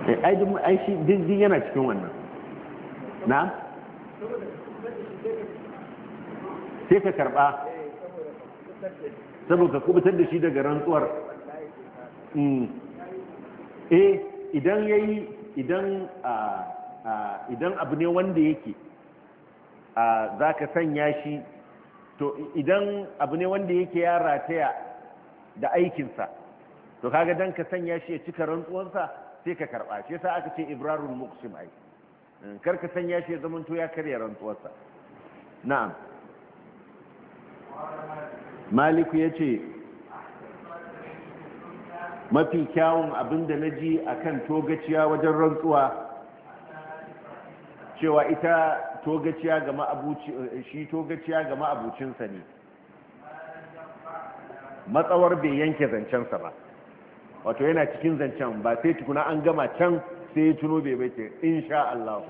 eh, ai shi dindin yana cikin wannan na sai ka karba saboda kubutar da shi daga rantsuwar Mm. eh idan ya yi idan abu ne wanda yake za ka sanya shi to idan abu ne wanda yake ya rataya da aikinsa to kaga don ka sanya shi ya cika rantsuwarsa sai ka karba shi yasa aka ce ibrarun muqsim ai mm, kar ka sanya shi ya to ya karya rantsuwarsa na'am maliku ce. mafi kyawun abin da na ji a kan togaciya wajen rantsuwa cewa ita togaciya ga shi togaciya ga ma'abucinsa ne matsawar bai yanke zancensa ba wato yana cikin zancen ba sai tukuna an gama can sai ya tuno bai bai ce insha Allah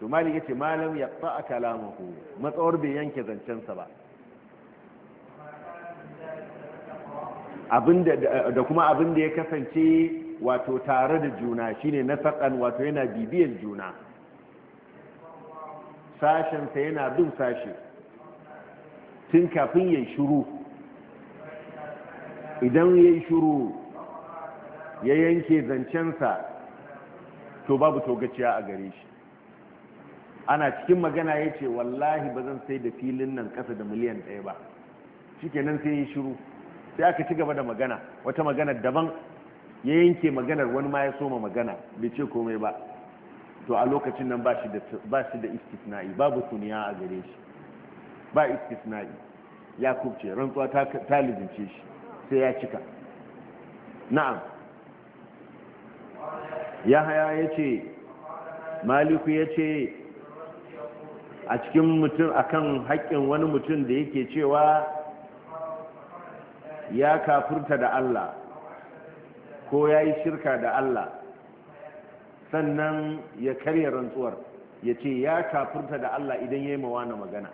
to malik yace malam ya fa'a kalamahu matsawar bai yanke zancensa ba da kuma abin da ya kasance wato tare da juna shine na saɗan wato yana bibiyar juna sashensa yana bin sashe tun kafin ya shuru idan ya yi shuru ya yanke zancensa to babu togaciya a gare shi ana cikin magana ya ce wallahi ba zan sai da filin nan ƙasa da miliyan ɗaya ba shi kenan sai ya yi shuru sai aka ci gaba da magana wata magana daban ya yanke maganar wani ma ya soma magana bai ce komai ba to a lokacin nan ba shi da istisna'i babu suniya a gare shi ba istisna'i ya kubce rantsuwa ta lizince shi sai ya cika na'am ya haya ya ce maliku ya ce a cikin mutum akan haƙƙin wani mutum da yake cewa ya kafurta da Allah ko ya yi shirka da Allah sannan ya karya rantsuwar ya ce ya kafurta da Allah idan ya yi mawana magana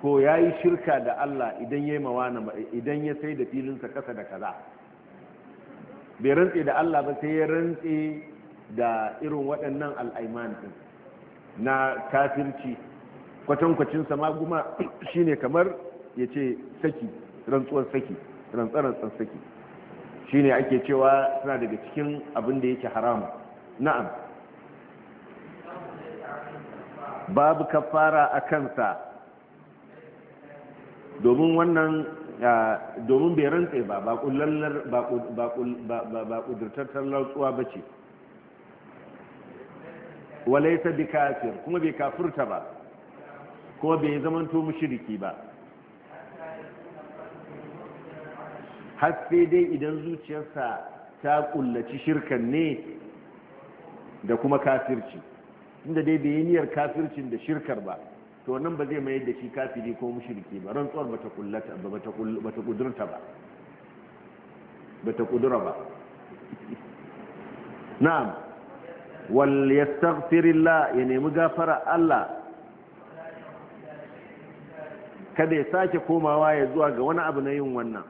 ko ya yi shirka da Allah idan ya yi mawana idan ya sai da filinsa kasa da kaza bai rantse da Allah ba sai ya rantse da irin waɗannan al'aiman ɗin na kafirci kwatankwacinsa ma guma shine kamar ya ce saki rantsuwar saki rantsarantsan saki shine ake cewa suna daga cikin abin da yake haram na'am babu kafara a kansa domin wannan domin bai rantse ba ba kullallar ba kudurtattar lautsuwa ba ce walaisa bi kafir kuma bai kafurta ba kuma bai zamanto mashiriki ba har sai dai idan zuciyarsa ta kullaci shirkan ne da kuma kafirci inda dai bai yi niyyar kafircin da shirkar ba to nan ba zai mayar da shi kafiri ko mushriki ba rantsuwar bata kullata ba bata kudurta ba bata kudura ba na'am wal yastaghfirillah ya nemi gafara Allah kada ya sake komawa ya zuwa ga wani abu na yin wannan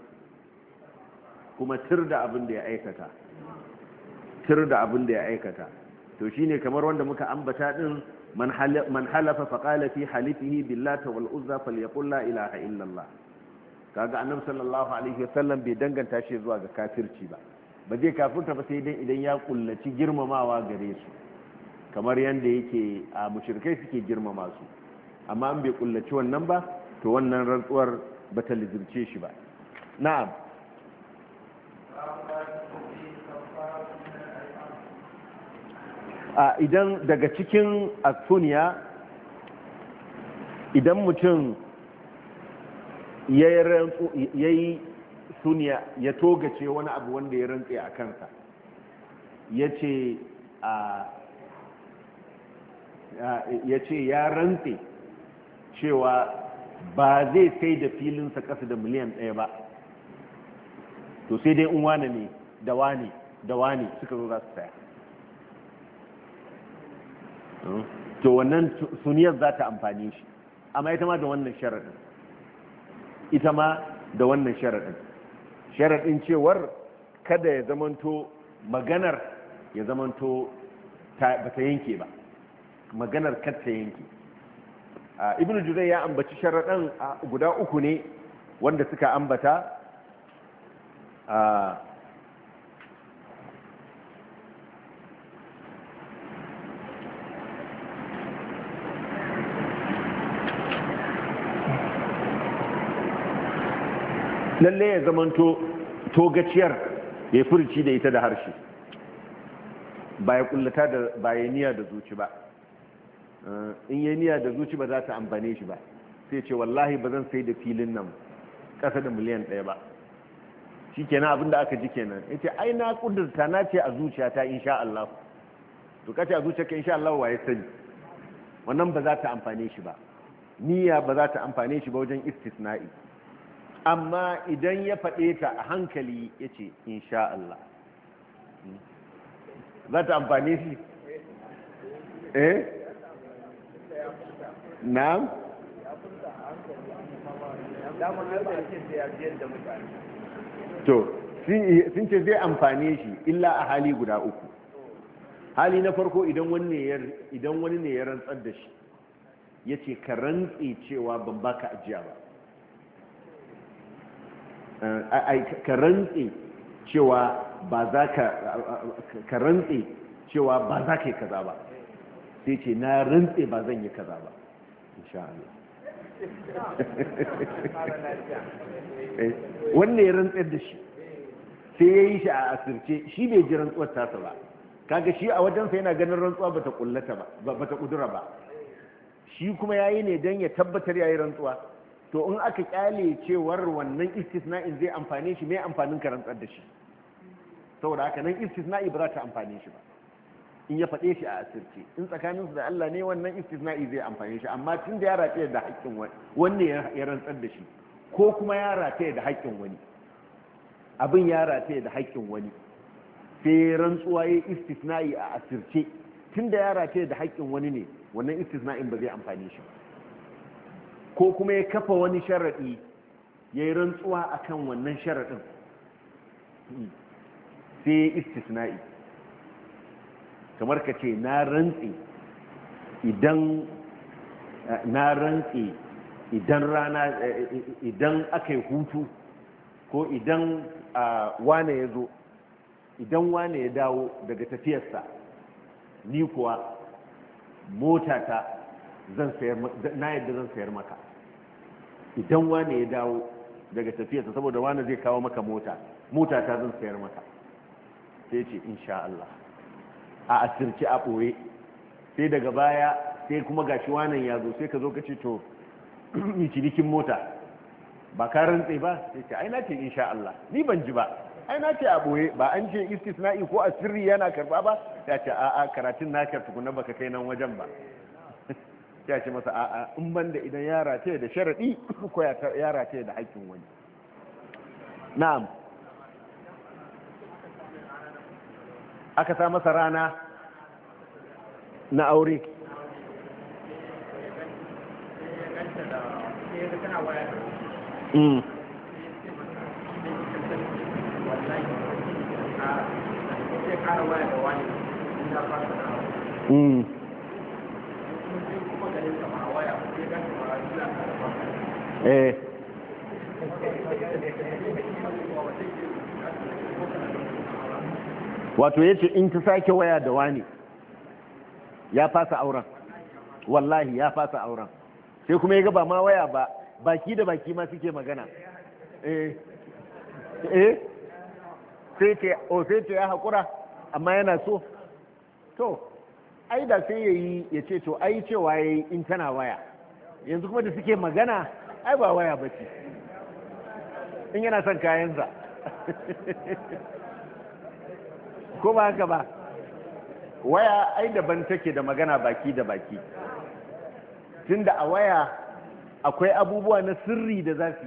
kuma tir da abin da ya aikata tir da abin da ya aikata to shine kamar wanda muka ambata din man halafa faqala fi halifihi billata wal uzza ilaha illa kaga annabi sallallahu alaihi wasallam bai danganta shi zuwa ga kafirci ba ba zai kafirta ba sai dai idan ya kullaci girmamawa gare su kamar yadda yake a mushrikai suke girmama su amma an bai kullaci wannan ba to wannan rantsuwar bata lizirce shi ba na'am A idan daga cikin asuniya idan mutum ya yi suniya ya togace wani abu wanda ya rantse a kansa ya ce ya ce ya rantse cewa ba zai sai da filinsa kasa da miliyan ɗaya ba to sai dai in ne da wani da wani suka zo za su tsaya hmm? to wannan suniyar za ta amfani shi amma ita ma da wannan sharaɗin ita ma da wannan sharaɗin sharaɗin cewar kada ya zamanto maganar ya zamanto ba ta yanke ba maganar kar yanke ah, ibn juzai ya ambaci sharaɗin ah, guda uku ne wanda suka ambata Lallai lalle ya zamanto togaciyar ya furci da ita da harshe ba ya kullata da ba niya da zuci ba in ya niya da zuci ba za ta ambane shi ba sai ce wallahi ba zan sai da filin nan kasa da miliyan ɗaya ba shikenan abin da aka ji kenan yace ai na kudurta na ce a zuciyata insha Allah to kace a zuciyarka insha Allah ya sani wannan ba za ta amfane shi ba niyya ba za ta amfane shi ba wajen istisna'i amma idan ya faɗe ta a hankali yace insha Allah za ta amfane shi eh na'am to sun ce zai amfane shi illa a hali guda uku hali na farko idan wani ne ya rantsar da shi ya ce ka rantse cewa ban baka ajiya ba eh, ka rantse cewa ba za ka rantse cewa ba za ka yi kaza ba sai ce na rantse ba zan yi kaza ba insha Allah Eh, wannan ya rantsar da shi sai ya yi shi a asirce shi bai ji rantsuwar tasa ba kaga shi a wajensa yana ganin rantsuwa bata kullata ba bata kudura ba shi kuma ya yi ne don ya tabbatar ya yi rantsuwa to in aka kyale cewar wannan istisna'in zai amfane shi mai amfanin ka rantsar da shi saboda haka nan istisna'i ba za ta amfane shi ba in ya faɗe shi a asirce in tsakaninsu da Allah ne wannan istisna'i zai amfane shi amma tun da ya rataya da haƙƙin wani ya rantsar da shi ko kuma ya rataya da haƙƙin wani abin ya rataya da haƙƙin wani sai ya rantsuwa ya istisna'i a asirce tun da ya rataya da haƙƙin wani ne wannan istisna'in ba zai amfane shi ko kuma ya kafa wani sharaɗi ya yi rantsuwa akan wannan sharaɗin hmm. sai ya istisna'i kamar ka ce na rantsi idan na rantsi idan rana idan aka yi hutu ko idan wane ya zo idan wane ya dawo daga tafiyarsa ni kuwa motata na yadda zan sayar maka idan wane ya dawo daga tafiyarsa saboda wane zai kawo maka mota mota ta zan sayar maka sai ce insha Allah a asirci a ɓoye sai daga baya sai kuma shi wanan ya zo sai ka zo ka ce to ni cinikin mota ba ka rantse ba sai ce ai ce insha Allah ni ban ji ba ai ce a ɓoye ba an ce istisna'i ko a sirri yana karba ba ya ce a'a karatun na ka tukuna baka kai nan wajen ba ya ce masa a'a in ban da idan yara ce da sharaɗi ko yara ce da haƙƙin wani na'am aka sa masa rana na aure mm. Mm. eh wato ya ce in ta sake waya da wani ya fasa auren wallahi ya fasa auren sai kuma ya ga ma waya ba baki da baki ma suke magana eh eh sai ce o oh, sai ce ya haƙura amma yana so to ai da sai ya yi ya ce to ai cewa ya yi in tana waya yanzu kuma da suke magana ai ba waya ba ce in yana son za ko ba haka ba waya ai daban take da magana baki da baki tunda a waya akwai abubuwa na sirri da zafi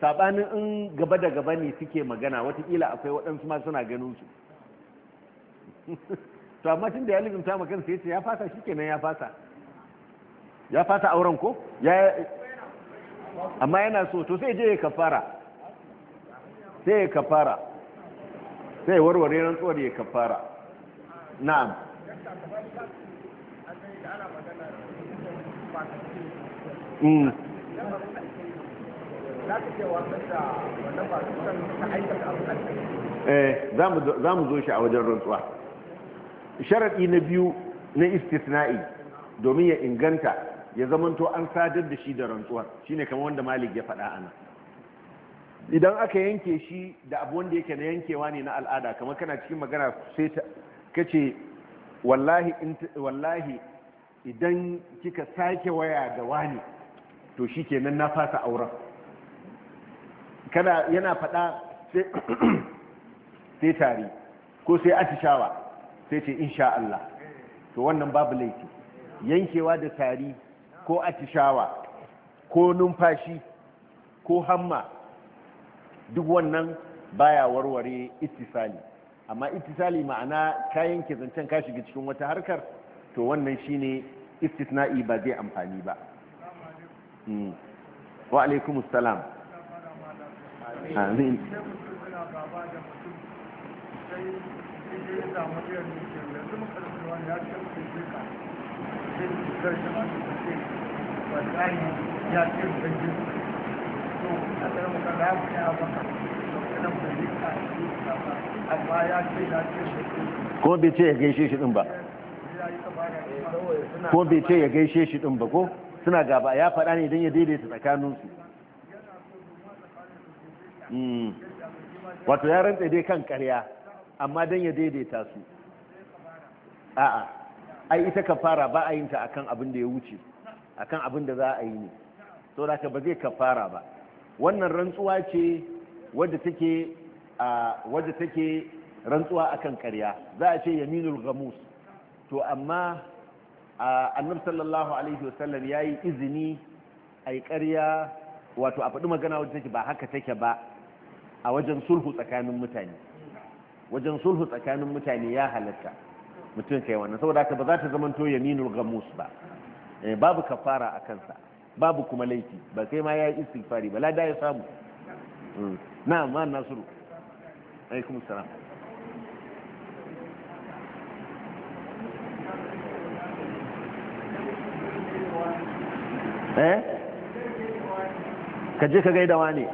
sabanin in gaba da gaba ne suke magana watakila akwai waɗansu ma suna ganin su to amma tun da ya lizinta ma kansa ce ya fasa shikenan ya fasa ya fasa auren ko ya amma yana so to sai je ya kafara sai ya kafara sai warware rantsuwar ya kafara na'am hmm. eh, za mu zo shi a wajen rantsuwa sharaɗi na biyu na istisna'i domin ya inganta ya zamanto an sadar da shi da rantsuwar shine kamar wanda malik ya faɗa ana idan aka yanke shi da abu wanda yake na yankewa ne na al'ada kamar kana cikin magana sai ka ce wallahi idan kika sake waya da wani to shi nan na fasa auren kana yana faɗa sai tari ko sai atishawa sai ce insha Allah to wannan babu laifi yankewa da tari ko atishawa ko numfashi ko hamma duk wannan baya warware ittisali amma ittisali ma'ana kayan ke zancen ka shiga cikin wata harkar to wannan shine istisna'i ba zai amfani ba hmm. wa alaikum salam amin ya ce ko bai ce ya gaishe shi din ba ko bai ce ya gaishe shi din ba ko suna gaba ya faɗa ne don ya daidaita tsakaninsu hmm. wato ya rantsa dai kan karya amma don ya daidaita su a'a ai ita kafara ba a yinta akan abin da ya wuce akan abin da za a yi ne to da ka ba zai kafara ba wannan rantsuwa ce wadda take wadda take rantsuwa akan ƙarya za a ce yaminul gamus to amma annab sallallahu alaihi wasallam yayi izini ai ƙarya wato a faɗi magana wadda take ba haka take ba a wajen sulhu tsakanin mutane wajen sulhu tsakanin mutane ya halatta mutum kai wannan saboda haka ba za ta zamanto yaminul gamus ba eh, babu kafara a kansa babu kuma laifi ba kai ma ya yi istighfari ba lada ya samu mm. na ma nasiru alaikum salam eh ka je ka gaida wani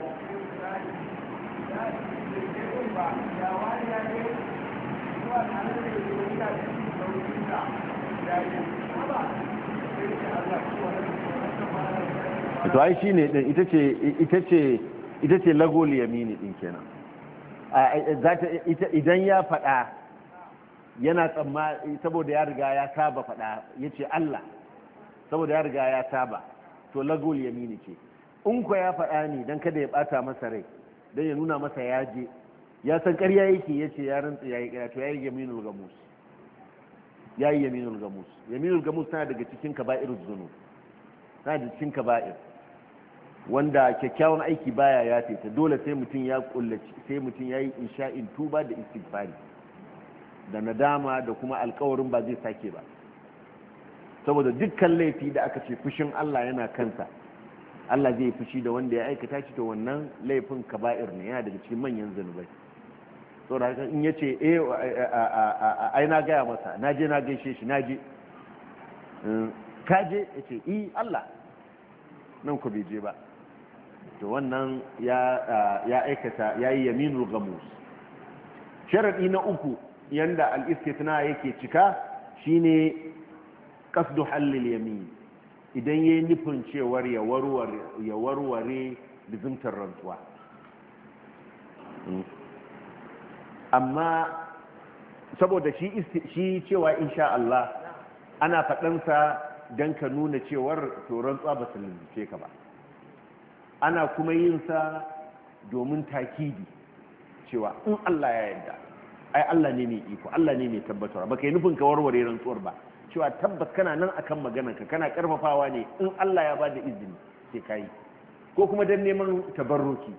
to ai shine din ita ce ita ce ita ce lagol yamini din kenan idan ya faɗa yana tsamma saboda ya riga ya saba faɗa ya ce Allah saboda ya riga ya saba to lagol yamini ce in ku ya faɗa ne dan kada ya ɓata masa rai dan ya nuna masa ya je ya san ƙarya yake ya ce ya rantsa ya yi ƙarya to ya yi yaminul gamus ya yi yaminul gamus yaminul gamus tana daga cikin kaba'ir zunu tana daga cikin kaba'ir wanda kyakkyawan aiki baya ya ta dole sai mutum ya kullaci sai mutum ya yi insha'in tuba da istighfari da nadama da kuma alkawarin ba zai sake ba saboda dukkan laifi da aka ce fushin Allah yana kansa Allah zai fushi da wanda ya aikata shi to wannan laifin kaba'ir ne yana daga cikin manyan zanubai saboda haka in yace eh ai na gaya masa na je na gaishe shi na je eh, ka je yace eh Allah nan ku bai je ba to wannan ya aikata ya yi ga gamus sharaɗi na uku yanda al’iskitina yake cika shi ne ƙasdu hallil yamin idan ya yi nufin cewar ya warware bizimtar rantsuwa hmm. amma saboda shi cewa insha Allah ana faɗansa don ka nuna cewar to rantsuwa ba su ka ba ana kuma yin sa domin takidi cewa in Allah ya yarda ai Allah ne mai iko Allah ne mai tabbatar baka yi nufin ka warware rantsuwar ba cewa tabbas kana nan akan maganar ka kana karfafawa ne in Allah ya bada izini sai kai ko kuma dan neman tabarruki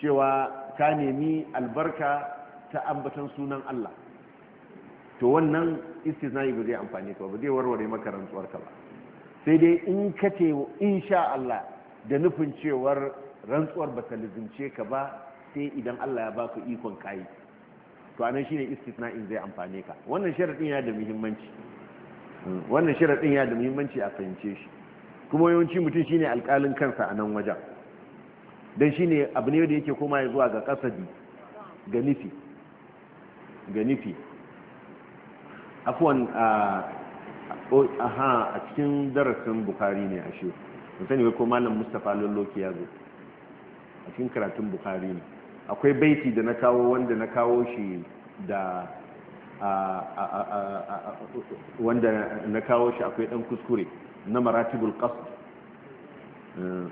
cewa ka nemi albarka ta ambatan sunan Allah to wannan istiznai ba zai amfani ka ba zai warware maka rantsuwar ka ba sai dai in kace insha Allah da nufin cewar rantsuwar ba ta lizince ka ba sai idan Allah ya baka ikon kayi to anan shine istisna'in zai amfane ka wannan sharadin yana da muhimmanci wannan sharadin yana da muhimmanci a fahimce shi kuma yawanci mutum shine alƙalin kansa a nan wajen dan shine abu ne da yake koma zuwa ga kasadi ga nufi ga nifi afwan a aha a cikin darasin bukari ne a shi mutane ga kuma malam mustapha lalloki ya zo a cikin karatun bukari ne akwai baiti da na kawo wanda na kawo shi da wanda na kawo shi akwai dan kuskure na maratibul qasd eh,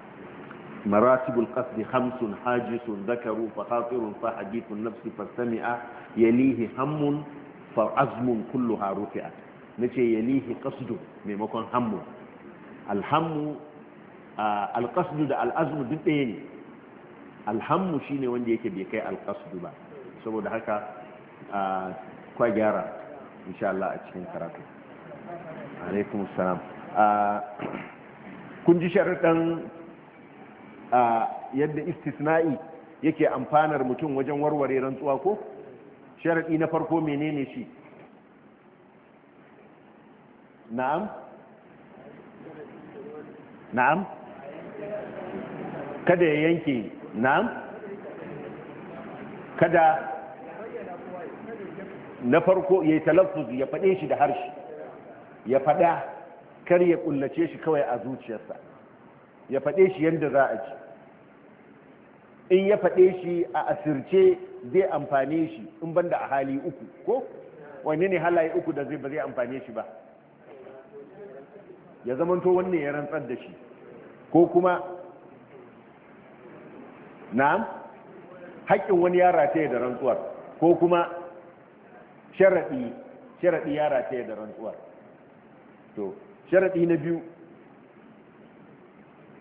maratibul qasd khamsun hajisun dhakaru fa khatirun fa hadithun nafsi fa sami'a yalihi hammun fa azmun kulluha rufi'at nace yalihi qasdu maimakon hammu alhammu alƙasdu da al'azmu duk ɗaya ne alhammu shi ne wanda yake bai kai alƙasdu ba saboda haka kwa gyara insha a cikin karatu alaikun salam kun ji sharaɗin yadda istisna'i yake amfanar mutum wajen warware rantsuwa ko sharaɗi na farko menene shi na'am na'am kada ya yanke nan, kada na farko ya yi talaffuzi ya faɗe shi da harshe ya faɗa kar ya ƙullace shi kawai a zuciyarsa ya faɗe shi yadda za a ji in ya faɗe shi a asirce zai amfane shi in banda a hali uku ko wani ne halaye uku da zai ba zai amfane shi ba ya zamanto wannan ya rantsar da shi ko kuma na'am haƙƙin wani ya rataye da rantsuwar ko kuma sharaɗi sharaɗi ya da rantsuwar to sharaɗi na biyu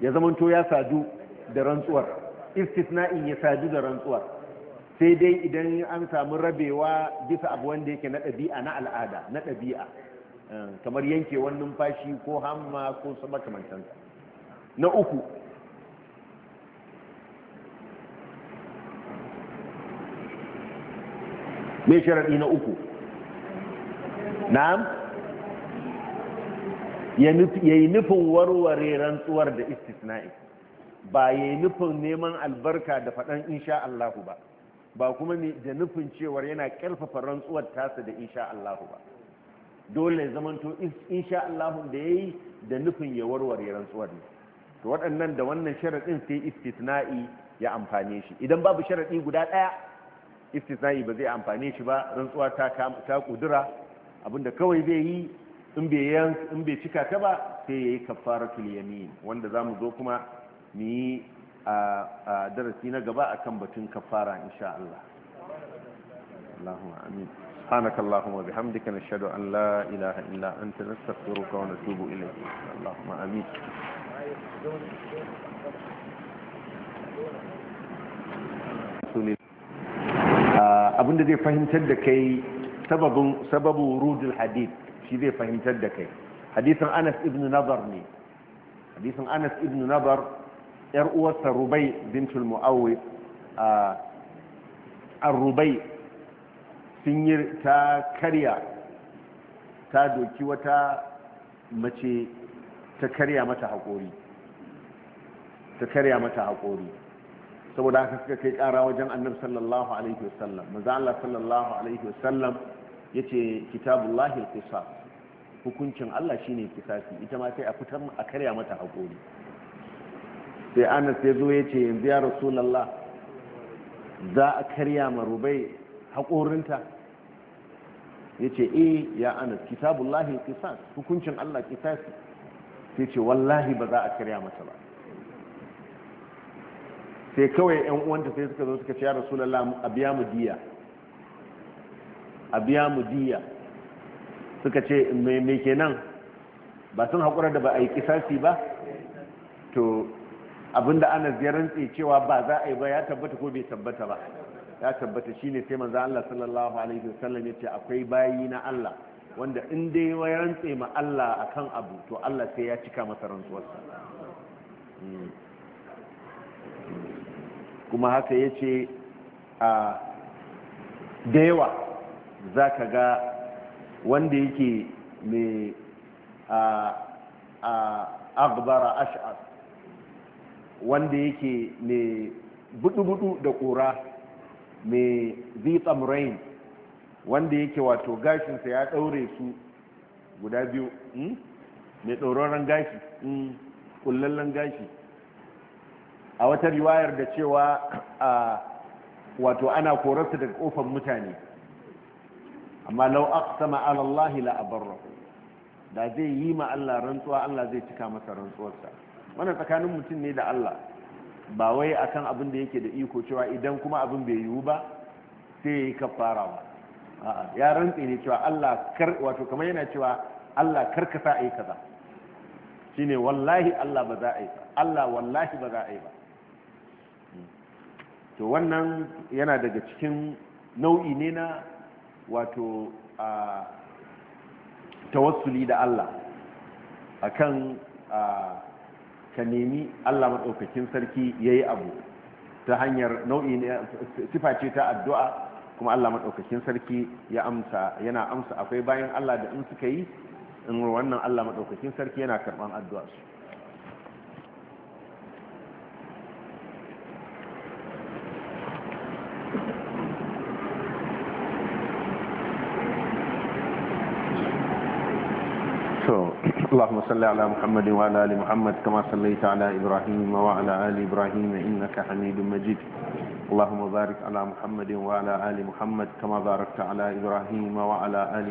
ya zamanto ya sadu da rantsuwar istisna'in ya sadu da rantsuwar sai dai idan an samu rabewa bisa abu wanda yake na ɗabi'a na al'ada na ɗabi'a eh, kamar yanke wannan fashi ko hamma ko makamantansa na uku Me sharaɗi na uku na'am ya yi nufin warware rantsuwar da istisna'i ba ya yi nufin neman albarka da faɗan insha Allahu ba ba kuma da nufin cewar yana ƙarfafa rantsuwar tasa da insha Allahu ba dole ya zamanto insha Allahu da ya yi da nufin ya warware rantsuwar ne to waɗannan da wannan sharaɗin sai istisna'i ya amfane shi idan babu sharaɗi guda ɗaya istisna'i ba zai amfane shi ba rantsuwa ta kudura abinda kawai zai yi in bai cika ta ba sai yayi kafaratul yamin wanda mu zo kuma mu yi a darasi na gaba akan batun kafara insha Allah سبحانك اللهم وبحمدك نشهد لا نستغفرك ونتوب اللهم abinda zai fahimtar da kai sababin sababu wurudul hadith shi zai fahimtar da kai hadisin Anas ibn Nadar ne hadisin Anas ibn Nadar yar uwarsa Rubai bintul Muawwid a Rubai sun yi ta karya ta doki wata mace ta karya mata haƙori ta karya mata haƙori saboda haka suka kai kara wajen annab sallallahu alaihi wasallam manzo Allah sallallahu alaihi wasallam yace kitabullahi al hukuncin Allah shine kisasi ita ma sai a fitar a karya mata hakuri sai Anas ya zo yace yanzu ya rasulullah za a karya ma rubai hakorinta yace eh ya Anas kitabullahi al-qisas hukuncin Allah kisasi sai ce wallahi ba za a karya mata ba sai kawai yan uwanta sai suka zo suka ce ya rasulallah a biya mu diya a biya mu diya suka ce me kenan ba sun haƙura da ba a yi kisasi ba to abinda ana tse cewa ba za a yi ba ya tabbata ko bai tabbata ba ya tabbata shine sai manzo Allah sallallahu alaihi wasallam ya ce akwai bayi na Allah wanda in dai ya rantse ma Allah akan abu to Allah sai ya cika masa rantsuwarsa hmm. kuma haka ya ce a da yawa za ka ga wanda yake mai a agbara ash'ar wanda yake mai budu-budu da kura mai zitam rain wanda yake wato gashinsa ya daure su guda biyu hmm? mai tsoron gashi kullallen hmm, gashi a wata riwayar da cewa wato ana korarsa daga kofar mutane amma lau aqsama ala Allah la abarra da zai yi ma Allah rantsuwa Allah zai cika masa rantsuwarsa wannan tsakanin mutum ne da Allah ba wai akan abin da yake da iko cewa idan kuma abin bai yiwu ba sai yayi kafara ba a'a ya rantsi ne cewa Allah kar wato kamar yana cewa Allah karkasa ka kaza shine wallahi Allah ba za a yi Allah wallahi ba za a yi ba to wannan yana daga cikin nau'i ne na wato a tawassuli da Allah akan a ka nemi Allah maɗaukakin sarki ya yi abu ta hanyar nau'i ne sifa ce ta addu'a kuma Allah maɗaukakin sarki ya amsa yana amsa akwai bayan Allah da in suka yi in wannan Allah maɗaukakin sarki yana karɓan addu'a su اللهم صل على محمد وعلى آل محمد كما صليت على إبراهيم وعلى آل إبراهيم إنك حميد مجيد اللهم بارك على محمد وعلى آل محمد كما باركت على إبراهيم وعلى آل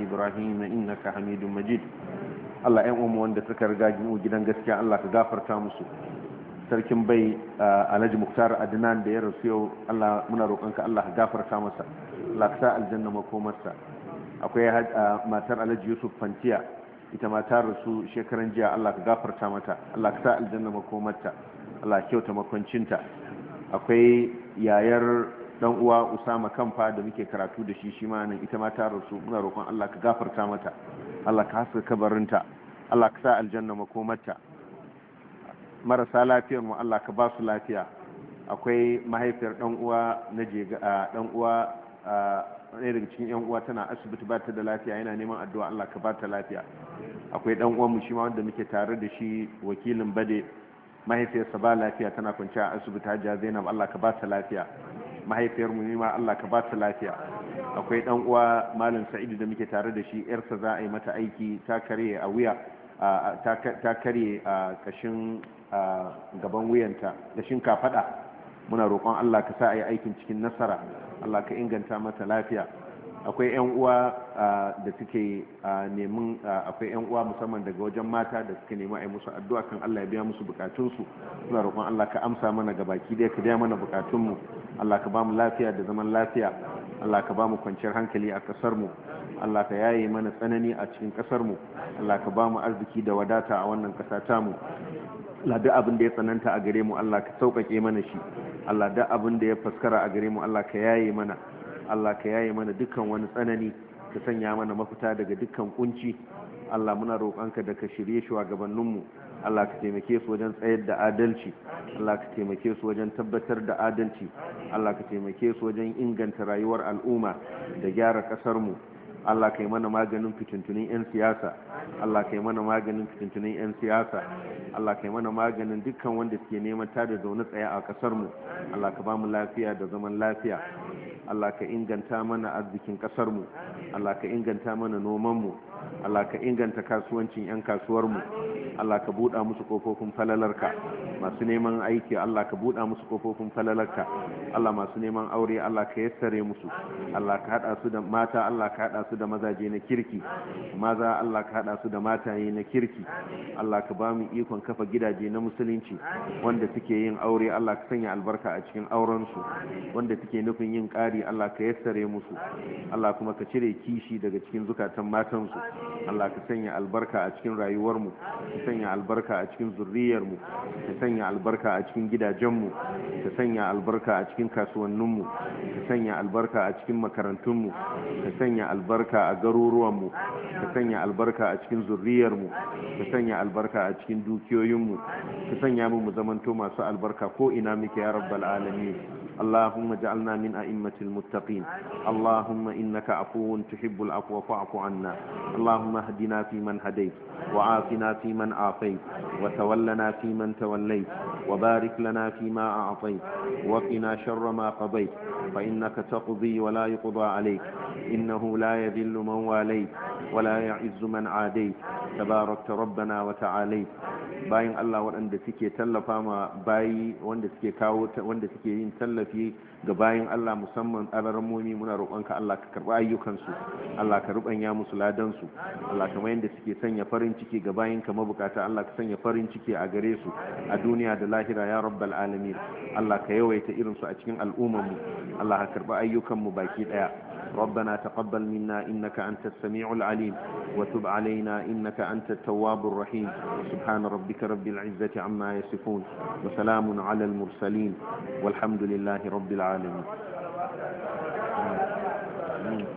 Allah ‘yan umu wanda suka riga mu gidan gaskiya Allah ka gafarta musu sarkin bai ah, alhaji muktar adnan da ya rasu yau Allah muna roƙonka Allah ka gafarta masa Allah ka sa aljanna makomarsa akwai ah, matar alhaji yusuf fantiya ita ma ta rasu shekaran jiya Allah ka gafarta mata Allah ka sa aljanna makomarta Allah kyauta makwancinta akwai yayar dan uwa Usama Kamfa da muke karatu da shi shi ma nan ita ma ta rasu muna roƙon Allah ka gafarta mata Allah ka haska kabarinta Allah ka sa aljanna makomarta marasa lafiyar mu Allah ka ba su lafiya akwai mahaifiyar dan uwa na jega dan uwa ɗaya daga cikin yan uwa tana asibiti ba ta da lafiya yana neman addu'a Allah ka ba ta lafiya akwai dan uwan mu shi ma wanda muke tare da shi wakilin bade mahaifiyarsa ba lafiya tana kwanciya a asibiti Hajiya Zainab Allah ka ba ta lafiya mahaifiyar mu ma Allah ka ba ta lafiya akwai dan uwa Malam Sa'idu da muke tare da shi yarsa za a yi mata aiki ta karye a wuya ta karye a kashin gaban wuyanta da shin kafada muna roƙon Allah ka sa a yi aikin cikin nasara Allah ka inganta masa lafiya akwai 'yan uwa da suke neman akwai 'yan uwa musamman daga wajen mata da suke nema a musu addu'a kan Allah ya biya musu bukatunsu suna roƙon Allah ka amsa mana gabaki baki ka biya mana bukatunmu Allah ka ba mu lafiya da zaman lafiya Allah ka ba mu kwanciyar hankali a kasar mu Allah ka yaye mana tsanani a cikin kasar mu Allah ka ba mu arziki da wadata a wannan kasa ta mu Allah duk abin da ya tsananta a gare mu Allah ka sauƙaƙe mana shi Allah duk abin da ya faskara a gare mu Allah ka yaye mana Allah ka yaye mana dukkan wani tsanani ka sanya mana mafita daga dukkan kunci Allah muna roƙonka da ka shirye mu Allah ka taimake su wajen tsayar da adalci Allah ka taimake su wajen tabbatar da adalci Allah ka taimake su wajen inganta rayuwar al'umma da gyara kasar mu Allah yi mana maganin fitintunin 'yan siyasa Allah yi mana maganin fitintunin 'yan siyasa Allah yi mana maganin dukkan wanda suke neman ta da zaune tsaye a kasar mu Allah ka bamu lafiya da zaman lafiya Allah ka inganta mana arzikin kasar mu Allah ka inganta mana noman mu Allah ka inganta kasuwancin 'yan kasuwarmu Allah ka buɗa musu ƙofofin falalarka masu neman aiki Allah ka buɗa musu ƙofofin falalarka Allah masu neman aure Allah ka yassare musu Allah ka haɗa su da mata Allah ka haɗa su da mazaje na kirki maza Allah ka haɗa su da mataye na kirki Allah ka ba mu ikon kafa gidaje na musulunci wanda suke yin aure Allah ka sanya albarka a cikin aurensu wanda suke nufin yin ƙari Allah ka yassare musu Allah kuma ka cire kishi daga cikin zukatan matansu Allah ka sanya albarka a cikin rayuwarmu ka sanya albarka a cikin zurriyarmu ka sanya albarka a cikin gidajenmu ka sanya albarka a cikin kasuwanninmu ka sanya albarka a cikin makarantunmu ka sanya albarka a garuruwanmu ka sanya albarka a cikin zurriyarmu ka sanya albarka a cikin dukiyoyinmu ka sanya mu mu zamanto masu albarka ko ina muke ya rabbal alamin اللهم اجعلنا من أئمة المتقين اللهم إنك عفو تحب العفو فاعف عنا اللهم اهدنا فيمن هديت وعافنا فيمن عافيت وتولنا فيمن توليت وبارك لنا فيما أعطيت وقنا شر ما قضيت فإنك تقضي ولا يقضى عليك إنه لا يذل من واليت ولا يعز من عاديت تباركت ربنا وتعاليت باين الله وأن سكي تلفا ما باي وأن سكي كاوت وأن سكي yin with you ga bayin Allah musamman tsararren muna roƙonka Allah ka karɓi ayyukansu Allah ka ruɓanya musu ladansu Allah kamar yadda suke sanya farin ciki ga bayin ka mabukata Allah ka sanya farin ciki a gare su a duniya da lahira ya rabbal alamin Allah ka yawaita irin su a cikin al'ummar mu Allah ka karɓi ayyukan mu baki ɗaya ربنا تقبل منا إنك أنت السميع العليم وتب علينا إنك أنت التواب الرحيم سبحان ربك رب العزة عما يصفون وسلام على المرسلين والحمد لله رب العالمين العالمين